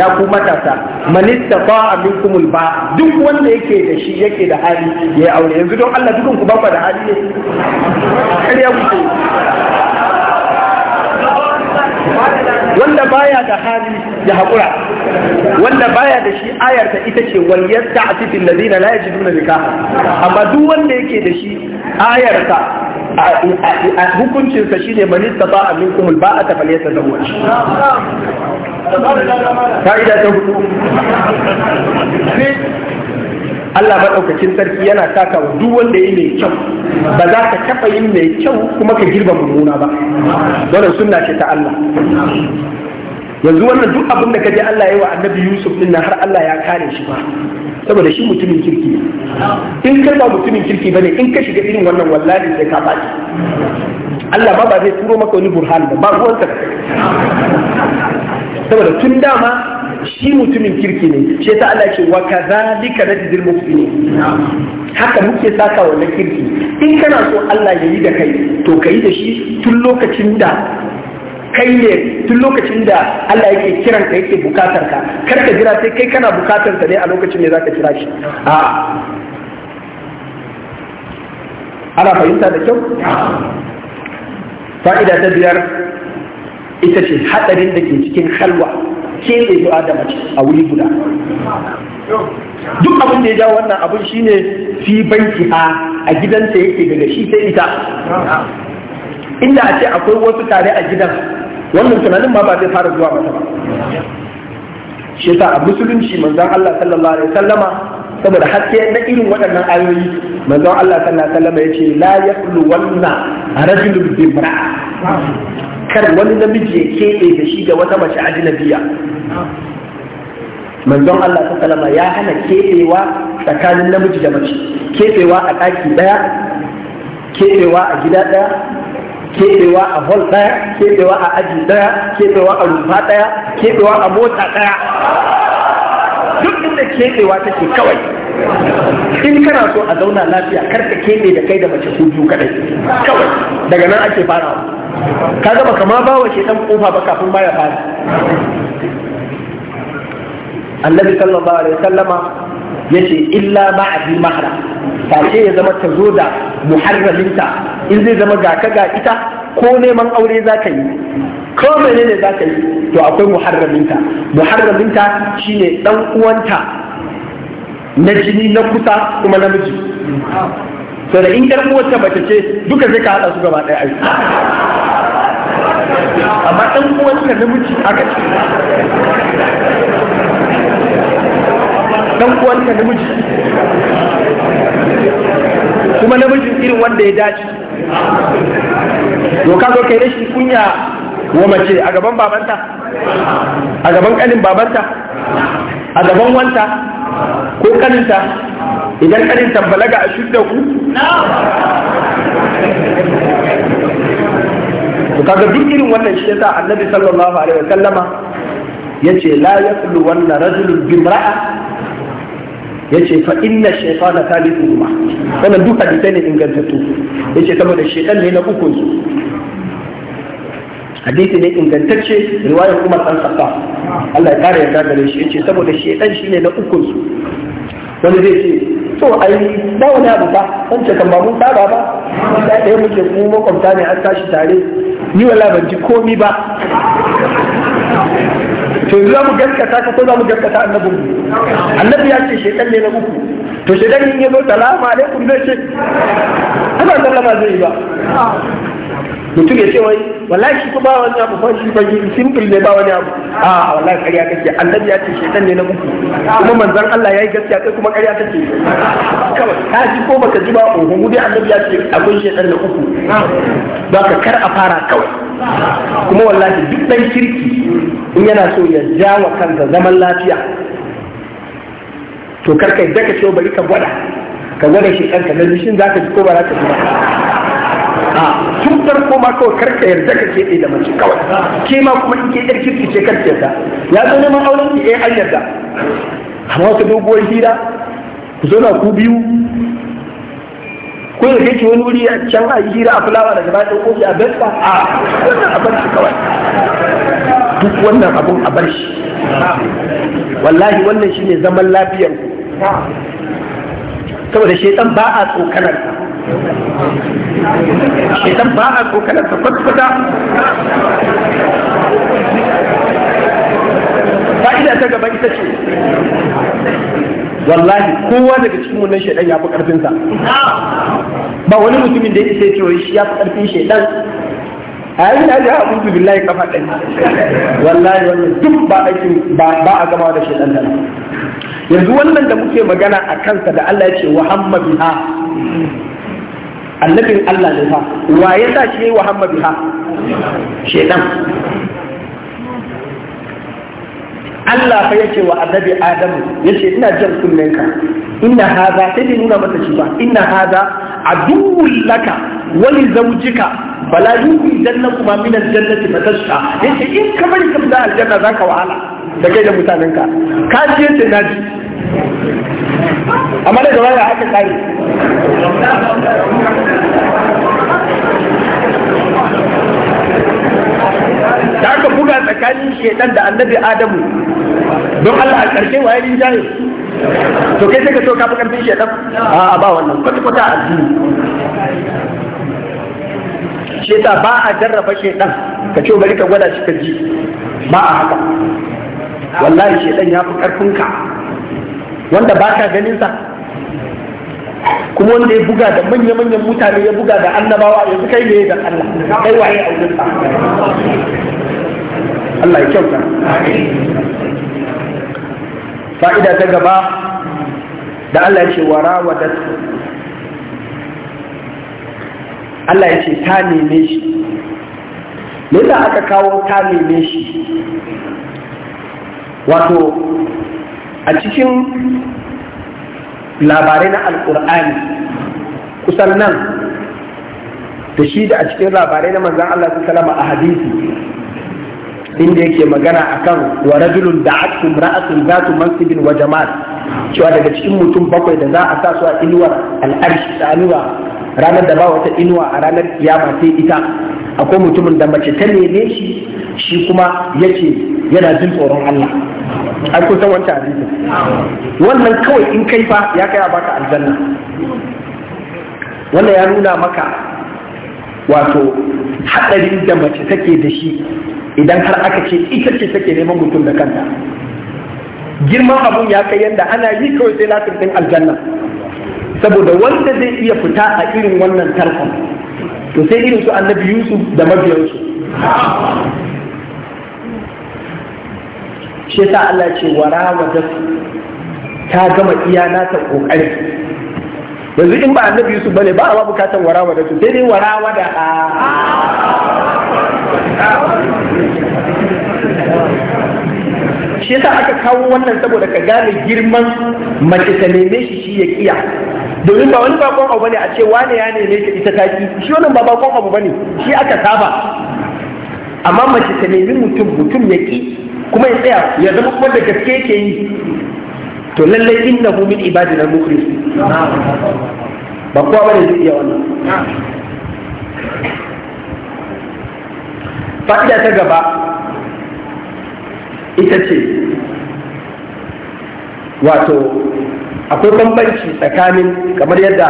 ya ku matasa man istata'a minkum ba duk wanda yake da shi yake da hali ya aure yanzu don Allah dukun ku ba da hali ne kariya ku wanda baya da hali ya haƙura wanda baya da shi ayar ta ita ce cikin da fil ladina la yajiduna nikaha amma duk wanda yake da shi ayar ta a hukuncinsa shi ne manista ba a min kuma ba a tafale ta da wuce. Ka'ida ta hudu. Allah maɗaukacin sarki yana taka wa duk wanda yi mai kyau ba za ka taɓa yin mai kyau kuma ka girba mummuna ba. Wannan sunna ce ta Allah. yanzu wannan duk abin da ka je Allah ya yi wa annabi Yusuf din har Allah ya kare shi ba saboda shi mutumin kirki in kai ba mutumin kirki bane in ka shiga irin wannan wallahi sai ka baki Allah ba ba zai turo maka wani burhan ba ba ka saboda tun dama shi mutumin kirki ne shi ta Allah ce wa kadhalika najzil muhsinin haka muke saka wa kirki in kana so Allah ya yi da kai to kai da shi tun lokacin da kai ne tun lokacin da Allah yake kiran ka yake bukatar ka kar ka jira sai kai kana bukatar sa ne a lokacin ne ka kira shi a ana fahimta da kyau fa'ida ta biyar ita ce hadarin da ke cikin halwa ke ne zuwa da mace a wuri guda duk abin da ya jawo wannan abin shine fi banki a gidansa yake daga shi sai ita inda a ce akwai wasu tare a gidan wannan tunanin ma ba zai fara zuwa mata ba shi yasa a musulunci manzon Allah sallallahu alaihi wasallama saboda haske na irin waɗannan ayoyi manzon Allah sallallahu alaihi wasallama yace la yaqulu wanna rajulun bi kar wani namiji ya keɓe da shi ga wata mace ajnabiya manzon Allah sallallahu alaihi wasallama ya hana keɓewa tsakanin namiji da mace keɓewa a ɗaki ɗaya keɓewa a gida ɗaya keɓewa a hol ɗaya keɓewa a aji ɗaya keɓewa a rumfa ɗaya keɓewa a mota ɗaya duk inda keɓewa take kawai in kana so a zauna lafiya kar ka keɓe da kai da mace su biyu kaɗai kawai daga nan ake farawa ka gaba kama ba wa ɗan kofa ba kafin baya fara annabi sallallahu alaihi wasallama yace illa ma'adi mahram face ya zama ta zo da muharraminta in zai zama ga ga ita ko neman aure za ka yi ko mene ne za ka yi to akwai muharraminta muharraminta shi ne dan uwanta na jini na kusa kuma namiji to da in yar uwarta bata ce duka zai ka hada su gaba ɗaya ai amma dan na namiji aka ce dan na namiji kuma namijin irin wanda ya dace to ka zo kai rashin kunya wa mace a gaban babanta a gaban kanin babanta a gaban wanta ko kaninta idan kaninta ga a shudda ku to kaga duk irin wannan shi yasa annabi sallallahu alaihi wa sallama yace la yaqulu wanna rajulun bimra'a Ya ce fa inna shaitana shaytana thalithuhuma wannan duk hadisai ne ingantattu ce saboda shaitan ne na ukun su hadisi ne ingantacce riwayar kuma san safa Allah ya kare yarda gare shi ya ce saboda shi shine na ukun su wani zai ce to ai ba wani abu ba wancan kan ba mun saba ba da ɗaya eh, muke mu makwabta ne an tashi tare ni wala ban ji komi ba to yanzu za mu gaskata ka ko za mu gaskata annabin mu annabi ya ce shekan ne na uku to shekan in ya zo salamu alaikum zai ce kuma sallama zai yi ba mutum ya ce wai wallahi shi ba wani abu fa shi fa simple ne ba wani abu a wallahi ƙarya kake annabi ya ce shaitan ne na uku kuma manzon Allah ya yi gaskiya kai kuma ƙarya kake kawai ka ji ko baka ji ba oho mu dai annabi ya ce akwai shaitan na uku ba ka kar a fara kawai kuma wallahi duk dan kirki in yana so ya ja wa kanta zaman lafiya to karka yadda ka ciwo bari ka gwada ka gwada shi kanka na shin za ka ji ko ba za ka ji ba a tun farko ma kawai karka yarda ka keɓe da mace kawai ke ma kuma in ke yar kirki ce karka yarda ya zo neman auren ki eh an yarda amma wata doguwar hira ku na ku biyu ko da kake wani wuri a can a yi hira a fulawa daga bayan kofi a bai a a bar shi kawai duk wannan abun a bar shi wallahi wannan shine zaman lafiyar ku saboda shaitan ba a tsokanar shaitan ba a tsokanar ta kwatkwata kwata fa'ida ta gaba ita ce wallahi kowa daga cikin wannan shaidan ya fi karfinsa ba wani mutumin da ya isa ya ce shi ya fi karfin shaidan Ayi na ga abudu billahi kafa ɗari wallahi wannan duk ba zama ba a gama da shaitan da yanzu wannan da muke magana a kansa da Allah ya ce wa hamma biha Allah ne fa wa ya sa shi wa hamma biha Allah fa yake wa annabi Adamu yace ina jan kunnenka inna hadha sai nuna masa shi ba inna hadha aduwwul laka wa li zawjika bala yubi jannakuma min al-jannati fatashqa yace in ka bari ka fita aljanna zaka wahala da kai da mutanenka ka ji yace naji amma da gaba da haka kare da aka buga tsakanin shaitan da annabi adamu don Allah a ƙarshe waye rinjaye to kai sai ka so ka fi ƙarfin shaitan a ba wannan kwata-kwata a addini shi ba a jarraba shaitan ka ce bari ka gwada shi ka ji ba a haka wallahi shaitan ya fi ƙarfinka wanda ba ka ganin sa kuma wanda ya buga da manya-manyan mutane ya buga da annabawa yanzu kai ne da Allah kai waye a wurin sa Allah ya kyauta fa'ida ta gaba da Allah ya ce wa rawadat Allah ya ce ta neme shi me aka kawo ta neme shi wato a cikin labarai na alkur'ani kusan nan da shi da a cikin labarai na manzan Allah su salama a hadisi inda yake magana akan wa rajulun da'atkum ra'atun zatu mansibin wa jamal cewa daga cikin mutum bakwai da za a sa su a inuwar al'arshi da ranar da ba wata inuwa a ranar kiyama sai ita akwai mutumin da mace ta neme shi shi kuma yace yana jin tsoron Allah an kusa wancan hadisi wannan kawai in kai fa ya kai a baka aljanna wannan ya nuna maka wato haɗarin da mace take da shi idan har aka ce ita ce take neman mutum da kanta girman abun ya kai yadda ana yi kawai sai latin aljanna saboda wanda zai iya fita a irin wannan tarkon to sai irin su annabi yusuf da mabiyansu shi sa Allah ce wara wajen ta gama iya nata kokari yanzu in ba annabi Yusuf bane ba a bukatan wara wajen sai dai wara wada a shi yasa aka kawo wannan saboda ka gane girman mace ta neme shi shi ya kiya domin ba wani bakon abu bane a ce wane ya neme ta ita ki?" shi wannan ba bakon abu bane shi aka saba amma mace ta nemi mutum mutum ya ki kuma ya tsaya ya zama kuma da gaske yake yi to lallai innahu min ibadina mukhlis ba kowa bane zai iya wannan fa'ida ta gaba ita ce wato akwai bambanci tsakanin kamar yadda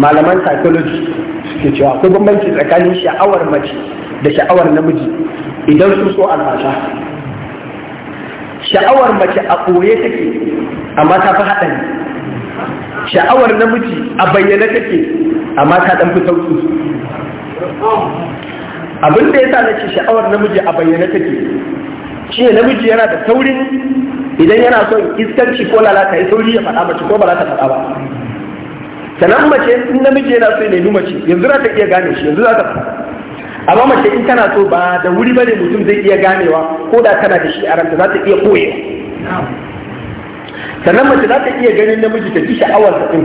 malaman psychology suke cewa akwai bambanci tsakanin sha'awar mace da sha'awar namiji idan sun so albasha sha'awar mace a ɓoye take amma ta fi haɗari sha'awar namiji a bayyana take amma ta ɗan fi sauƙi abin da ya sa na ce sha'awar namiji a bayyana take shi ne namiji yana da saurin idan yana son iskanci ko lalata ya sauri ya faɗa mace ko ba za ta faɗa ba sannan mace in namiji yana so ya nemi mace yanzu za ta iya gane shi yanzu za ta faɗa amma mace in tana so ba da wuri bane mutum zai iya ganewa ko da tana da shi a ranta za ta iya koye. sannan mace za ta iya ganin namiji ta ji sha'awar sa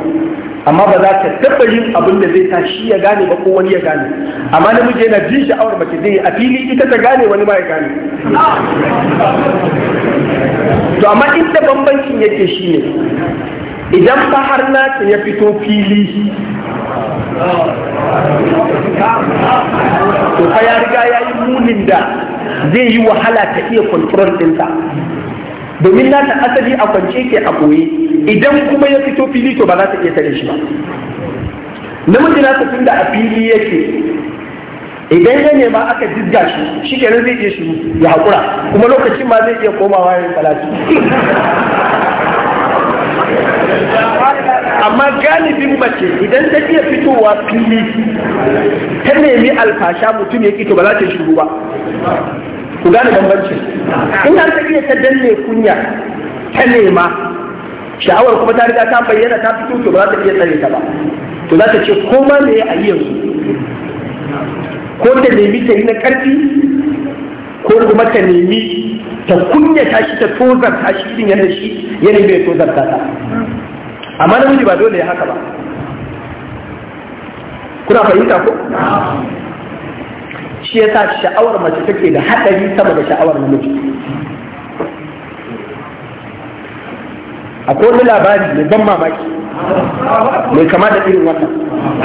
amma ba za ka taɓa yin abin da zai tashi ya gane ba ko wani ya gane amma namiji yana jin sha'awar mace zai a fili ita ta gane wani ma ya gane to amma inda bambancin yake shi ne idan ba har nata ya fito fili to fa ya riga ya yi munin da zai yi wahala ta iya kontrol ɗinsa domin na ta asali a kwance ke a koye idan kuma ya fito fili to ba za ta iya tare shi ba namiji na ta tunda a fili yake idan ya nema aka dizga shi shi kenan zai iya shiru ya haƙura kuma lokacin ma zai iya komawa yin salati (laughs) amma galibin mace idan ta iya fitowa fili ta nemi alfasha mutum ya ƙi to ba za ta shiru ba ku gane bambancin in har ta iya ta danne kunya ta nema sha'awar kuma ta riga ta bayyana ta fito to ba za ta iya tsare ta ba to za ta ce koma me a yi yanzu ko ta nemi ta yi na karfi ko kuma ta nemi ta kunya ta shi ta ta shi irin yadda shi yanayi bai ta ta amma namiji ba dole ya haka ba kuna fahimta ko shi yasa sha'awar mace take da haɗari sama da sha'awar namiji akwai wani labari mai ban mamaki mai kama da irin wannan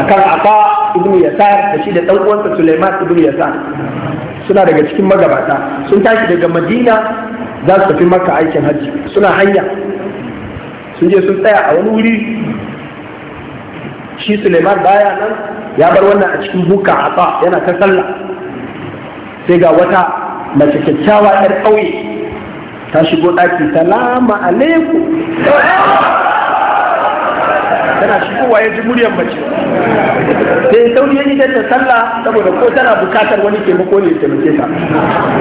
akan afa ibn yasar da shi da ɗan uwansa Sulaiman ibn yasar suna daga cikin magabata sun tashi daga Madina za su tafi maka aikin hajji suna hanya sun je sun tsaya a wani wuri shi Suleiman baya nan ya bar wannan a cikin buka a yana ta sallah sai ga wata mace kyakkyawa yar ƙauye ta shigo ɗaki salama alaikum tana shigo ya ji muryar mace sai sauri ya idan ta sallah saboda ko tana bukatar wani ke mako ne taimake ta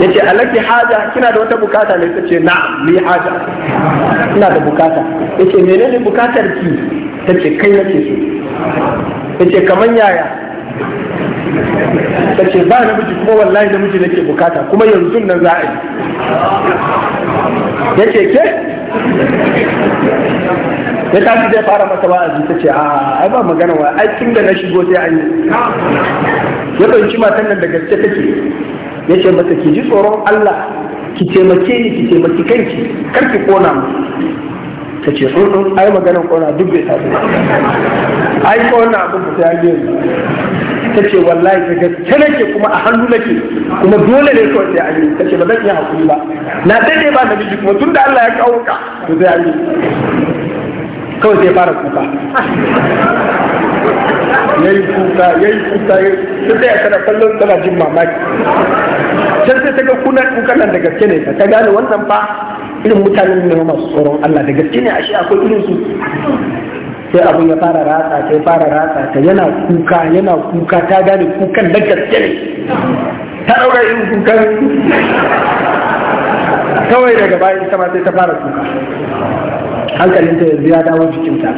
ya ce alaki haja kina da wata bukata ne ta ce na mai haja ina da bukata ya ce menene bukatar ki ta ce kai nake so ya ce kamar yaya ta ce ba namiji kuma wallahi namiji nake bukata kuma yanzu nan za a yi ya ke ya tashi zai fara masa wa'azi ta ce a ba magana wa aikin da na shigo sai an yi ya fahimci matan nan da gaske take ya ce mata ki ji tsoron Allah ki taimake ni ki taimaki kanki kar ki kona mu ta ce tsuntsun ai maganin kona duk bai tafi ai kona abin da ta yi ta ce wallahi ta gaske nake kuma a hannu nake kuma dole ne kawai sai an yi ta ce ba zan iya hakuri ba na daɗe ba biji kuma tun da Allah ya kawuka ka to sai an yi kawai sai fara kuka (laughs) yayi kuka yayi kuka sai ta tana kallon tana jin mamaki can sai ta ga kuna kukan da gaske ne ta gane wannan fa irin mutanen ne masu tsoron Allah da gaske ne ashe akwai irin su sai abun ya fara ratsa sai fara ratsa ta yana kuka yana kuka ta gane kukan da gaske ne ta daura irin kukan kawai daga bayan ita ma sai ta fara kuka hankalinta yanzu ya dawo jikinta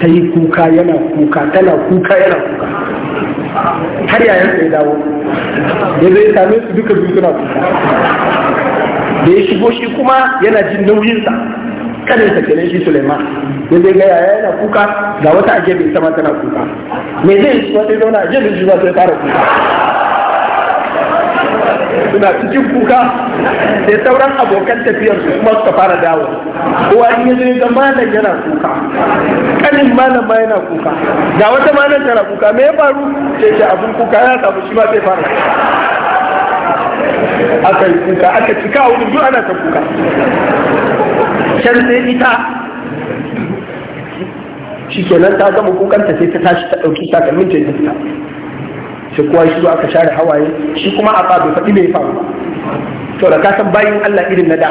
ta yi kuka yana kuka tana kuka yana kuka har yayan sai dawo da zai same su duka biyu suna kuka da ya shigo shi kuma yana jin nauyinsa kanin sa kenan shi Suleiman da zai ga yaya yana kuka ga wata a sama tana kuka me zai yi wata zauna a gefe shi ba sai fara kuka suna cikin kuka da sauran abokan tafiyar su kuma suka fara dawo kowa in yanzu ga malam yana kuka kanin malam ma yana kuka ga wata malam tana kuka me ya faru ce ce abun kuka ya samu shi ma zai fara aka yi kuka aka cika a duk ana ta kuka can sai ita shi kenan ta gama kukanta sai ta tashi ta ɗauki takalmin ta yi ta sai kowa shi aka share hawaye shi kuma a bai faɗi mai faru to da kasan bayin Allah irin na da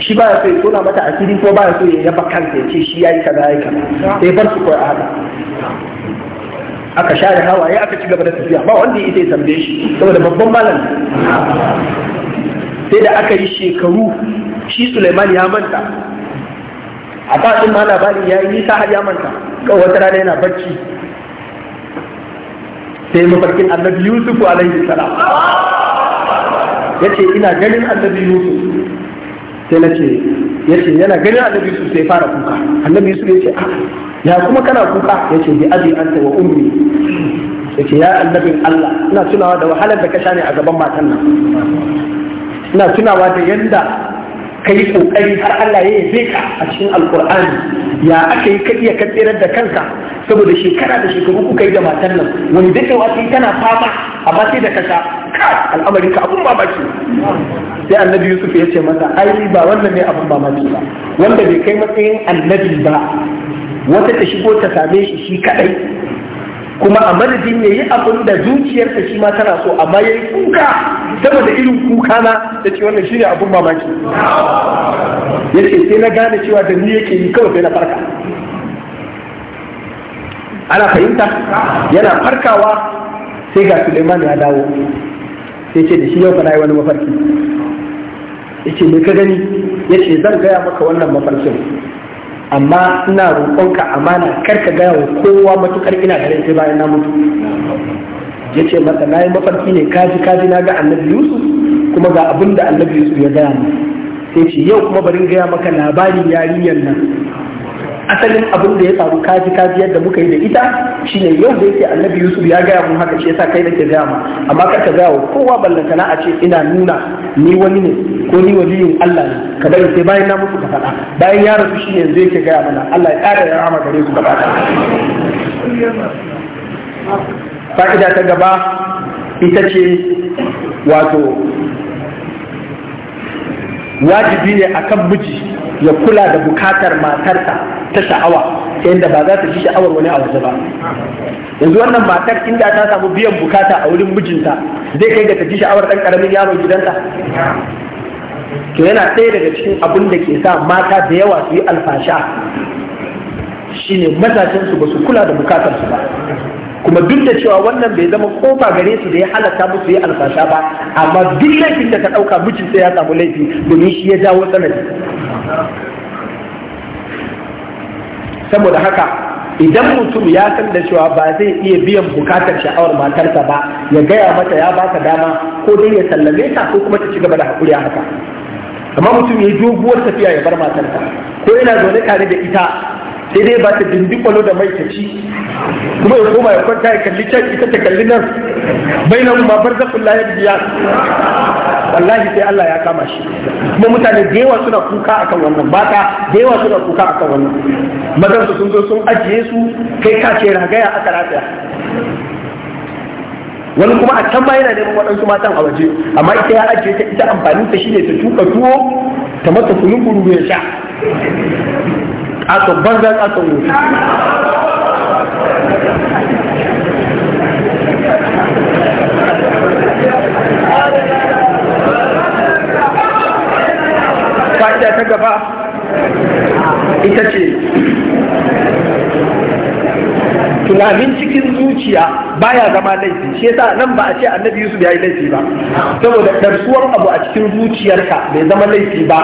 shi baya so ya tona mata asiri ko baya so ya yaba kansa ya ce shi ya yi kaza yi kaza sai bar su koyi haka aka share hawaye aka ci gaba da tafiya ba wanda ya ya tambaye shi saboda babban malam sai da aka yi shekaru shi Suleiman ya manta a ba din ma labarin ya yi nisa har ya manta kawai wata rana yana barci sai mafarkin annabi yusuf alaihi salam yace ina ganin annabi yusuf sai na ce yace yana ganin annabi yusuf sai fara kuka annabi yusuf yace a ah, ya kuma kana kuka yace bi abi anta wa ummi yace ya annabin Allah ina tunawa da wahalar da ka sha ne a gaban matan nan ina tunawa da yanda ka yi ƙoƙari har Allah ya yabe ka a cikin alƙur'ani ya aka yi ka ya ka da kanka saboda shekara da shekaru kuka yi da matan nan wani daɗewa sai tana fama amma sai da kasa ka al'amarin ka abun mamaki sai annabi Yusuf ya ce masa ai ba wannan ne abun mamaki ba wanda bai kai matsayin annabi ba wata ta shigo ta same shi shi kadai kuma a madadin ya yi abin da zuciyarsa shi ma tana so amma ya yi kuka da irin kuka na da ce wannan shine abin mamaki ya ce sai na gane cewa da ni yake yi kawai sai na farka ana fahimta yana farkawa sai ga suleiman ya dawo sai ce da shi yau fara yi wani mafarki ya ce me ka gani ya ce zan gaya maka wannan mafarkin amma ina roƙonka amana kar ka gaya wa kowa matukar ina da rai sai bayan na mutu ya ce masa na yi mafarki ne kaji kaji na ga annabi yusuf kuma ga abin da annabi yusuf ya gaya mu sai ce yau kuma bari gaya maka labarin yarinyar nan asalin abin da ya faru kaji kaji yadda muka yi da ita shi ne yau da yake annabi yusuf ya gaya mun haka shi yasa kai nake gaya ma amma kar ka gaya wa kowa ballantana a ce ina nuna ni wani ne ko ni waliyin Allah ne ka bari sai bayan na mutu ka faɗa bayan ya rasu shi yanzu yake gaya mana Allah ya ƙara ya rama gare su gaba fa'ida ta gaba ita ce wato wajibi ne akan miji ya kula da bukatar matarsa ta sha'awa ta yadda ba za ta ji sha'awar wani a waje ba yanzu wannan matar inda ta samu biyan bukata a wurin mijinta zai kai ga ta ji sha'awar ɗan ƙaramin yaro gidanta to yana ɗaya daga cikin abin da ke sa mata da yawa su yi alfasha shine matashinsu ba su kula da bukatarsu ba kuma duk da cewa wannan bai zama kofa gare su da ya halatta musu yi alfasha ba amma duk laifin da ta ɗauka mijin sai ya samu laifi domin shi ya jawo tsanani saboda haka idan mutum ya san da cewa ba zai iya biyan bukatar sha'awar matarsa ba ya gaya mata ya baka dama ko dai ya sallame ta ko kuma ta ci gaba da haƙuri a haka amma mutum ya doguwar tafiya ya bar matarsa ko yana zaune tare da ita sai dai ba ta dindikwalo da mai taci kuma ya koma ya kwanta ya kalli can ita ta kalli nan bai nan ba bar zafin layar biya wallahi sai Allah ya kama shi kuma mutane da yawa suna kuka akan wannan bata da yawa suna kuka akan wannan mazan su sun zo sun ajiye su kai ka ce ragaya aka rataya wani kuma a can ma yana neman waɗansu matan a waje amma ita ya ajiye ta ita amfanin ta shine ta tuka tuwo ta masa kunun ya sha ƙaton banza ƙaton wuri fa'ida ta gaba ita ce tunanin cikin zuciya baya zama laifi shi yasa nan ba a ce annabi Yusuf yi laifi ba saboda darsuwar abu a cikin zuciyarka bai zama laifi ba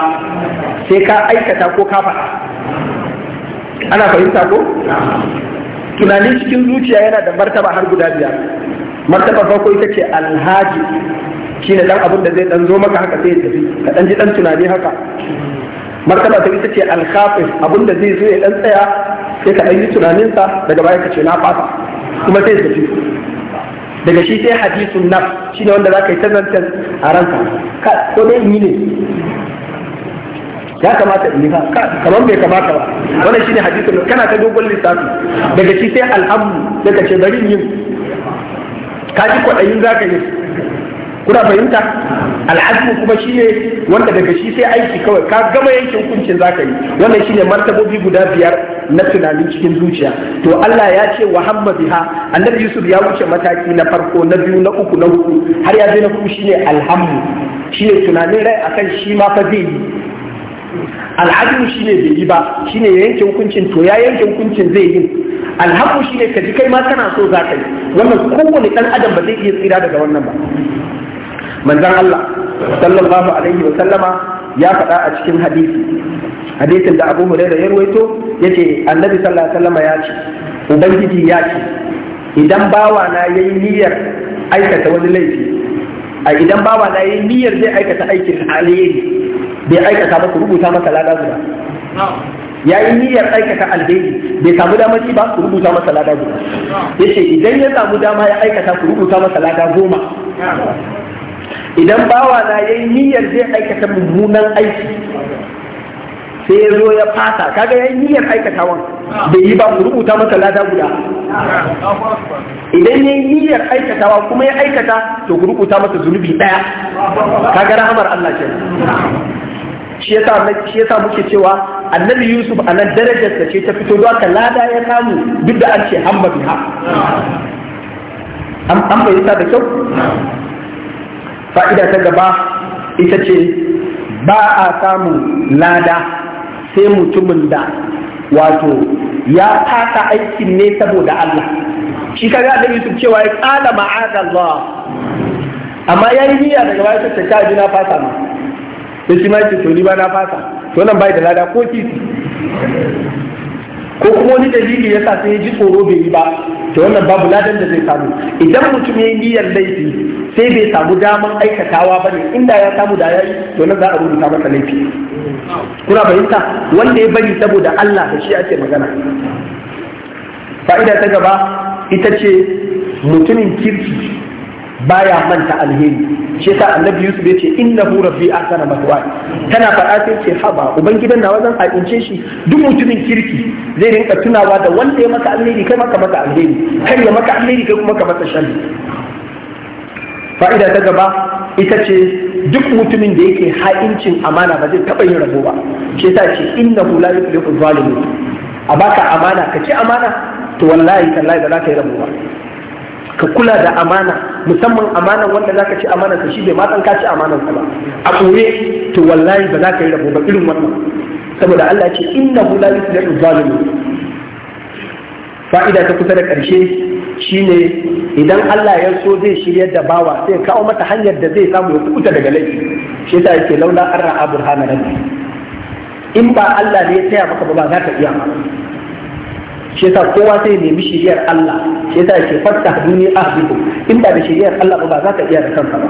sai ka aikata ko ka faɗa ana fahimta ko tunanin cikin zuciya yana da martaba har guda biyar martaba farko ita ce alhaji shine dan abin da zai dan zo maka haka sai ya tafi ka dan ji dan tunani haka martaba ta ita ce alkhafis abinda zai zo ya dan tsaya sai ka dan yi tunanin sa daga baya ka ce na fasa kuma sai ka daga shi sai hadisun nafs shine wanda zaka yi tazantar a ranka ka ko dai yi ne ya kamata in yi ha kamar bai kamata ba wannan shine hadisun kana ta dogon lissafi daga shi sai alhamdu daga ce bari yin ka ji kwaɗayin zaka yi kuna fahimta al'adu kuma shi ne wanda daga shi sai aiki kawai ka gama yankin hukuncin zaka yi wannan shine martabobi guda biyar na tunanin cikin zuciya to Allah ya ce wa hamma annabi Yusuf ya wuce mataki na farko na biyu na uku na hudu har ya zai na uku shine alhammu shine tunanin rai akan shi ma fa zai yi al'adu shine bai yi ba shine ya yanke hukuncin to ya yanke hukuncin zai yi alhammu shine ka ji kai ma kana so zaka yi wannan kowane dan adam ba zai iya tsira daga wannan ba manzon Allah sallallahu alaihi wa sallama ya faɗa a cikin hadisi hadisin da Abu Hurairah ya ruwaito yace Annabi sallallahu alaihi wa sallama ya ce ubangiji ya ce idan bawa na yayi niyyar aikata wani laifi a idan bawa na yayi niyyar zai aikata aikin alheri bai aikata ba ku rubuta masa lada guda ya yi niyyar aikata alheri bai samu damar ci ba ku rubuta masa lada guda. ya ce idan ya samu dama ya aikata ku rubuta masa lada goma idan bawa na yayi niyyar zai aikata mummunan aiki sai ya zo ya fasa kaga yayi niyyar aikatawan bai yi ba mu rubuta masa lada guda idan yayi niyyar aikatawa kuma ya aikata to ku rubuta masa zunubi daya kaga rahamar Allah ke shi yasa shi yasa muke cewa annabi Yusuf a nan darajarsa ce ta fito don ka lada ya samu duk da an ce hamba biha an sa da kyau fa'ida ta gaba ita ce ba a samun lada sai mutumin da wato ya fata aikin ne saboda Allah shi kaga annabi Yusuf cewa ya kala ma'ada Allah amma ya yi niyya daga baya ta ta na fasa ma sai shi ma ce to ba na fasa to nan bai da lada ko titi ko kuma wani dalili ya sa sai ya ji tsoro bai yi ba da wannan babu ladan da zai samu idan mutum ya yi niyyar laifi sai bai samu daman aikatawa ba ne inda ya samu da yayi to nan za a rubuta masa laifi kuna fahimta wanda ya bari saboda Allah da shi ake magana fa'ida ta gaba ita ce mutumin kirki baya manta alheri shi yasa annabi yusuf yace innahu rabbi ahsana matwa tana faɗa sai ce haba ubangidan nawa zan haƙince shi duk mutumin kirki zai rinka tunawa da wanda ya maka alheri kai maka maka alheri kai ya maka alheri kai kuma ka masa sharri fa'ida ta gaba ita ce duk mutumin da yake ha'incin amana ba zai taɓa yin rabo ba shi yasa ce innahu la yuflihu zalimun a baka amana ka ci amana to wallahi tallahi ba za ka yi rabo ba ka kula da amana musamman amanan wanda za ka ci amanan ka shi bai matan ka ci amanan ka ba a ɓoye to wallahi ba za ka yi rabo ba irin wannan saboda Allah ce inna hu la yuslihu zalimin fa'ida ta kusa da ƙarshe shine idan Allah ya so zai shiryar da bawa sai kawo mata hanyar da zai samu ya kuta daga laifi shi yasa yake laula arra aburhana rabbi in ba Allah ne ya taya maka ba ba za ka iya shi yasa kowa sai nemi shiriyar Allah shi yasa yake fatta duniya ahdiku in ba da shiriyar Allah ba za ka iya da kanka ba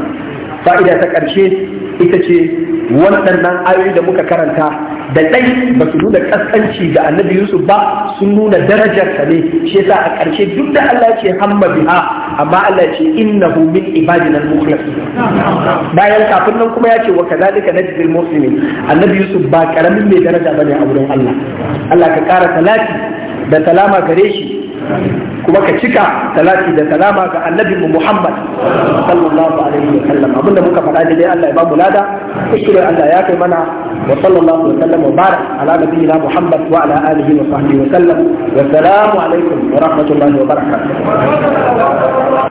fa'ida ta ƙarshe ita ce waɗannan ayoyi da muka karanta da ɗai ba su nuna ƙasƙanci ga annabi Yusuf ba sun nuna darajar sa ne shi yasa a ƙarshe duk da Allah ce hamma biha amma Allah ce innahu min ibadina al bayan kafin nan kuma ya ce wa na najzil muslimin annabi Yusuf ba karamin mai daraja ne a wurin Allah Allah ka ƙara talati da salama gare shi kuma ka cika salati da salama ga annabi mu Muhammad sallallahu alaihi wa sallam abinda muka faɗa dai Allah ya ba mu lada kuskure Allah ya kai mana wa sallallahu alaihi wa sallam wa barak ala nabiyina Muhammad wa ala alihi wa sahbihi wa sallam wa salamu alaikum wa rahmatullahi wa barakatuh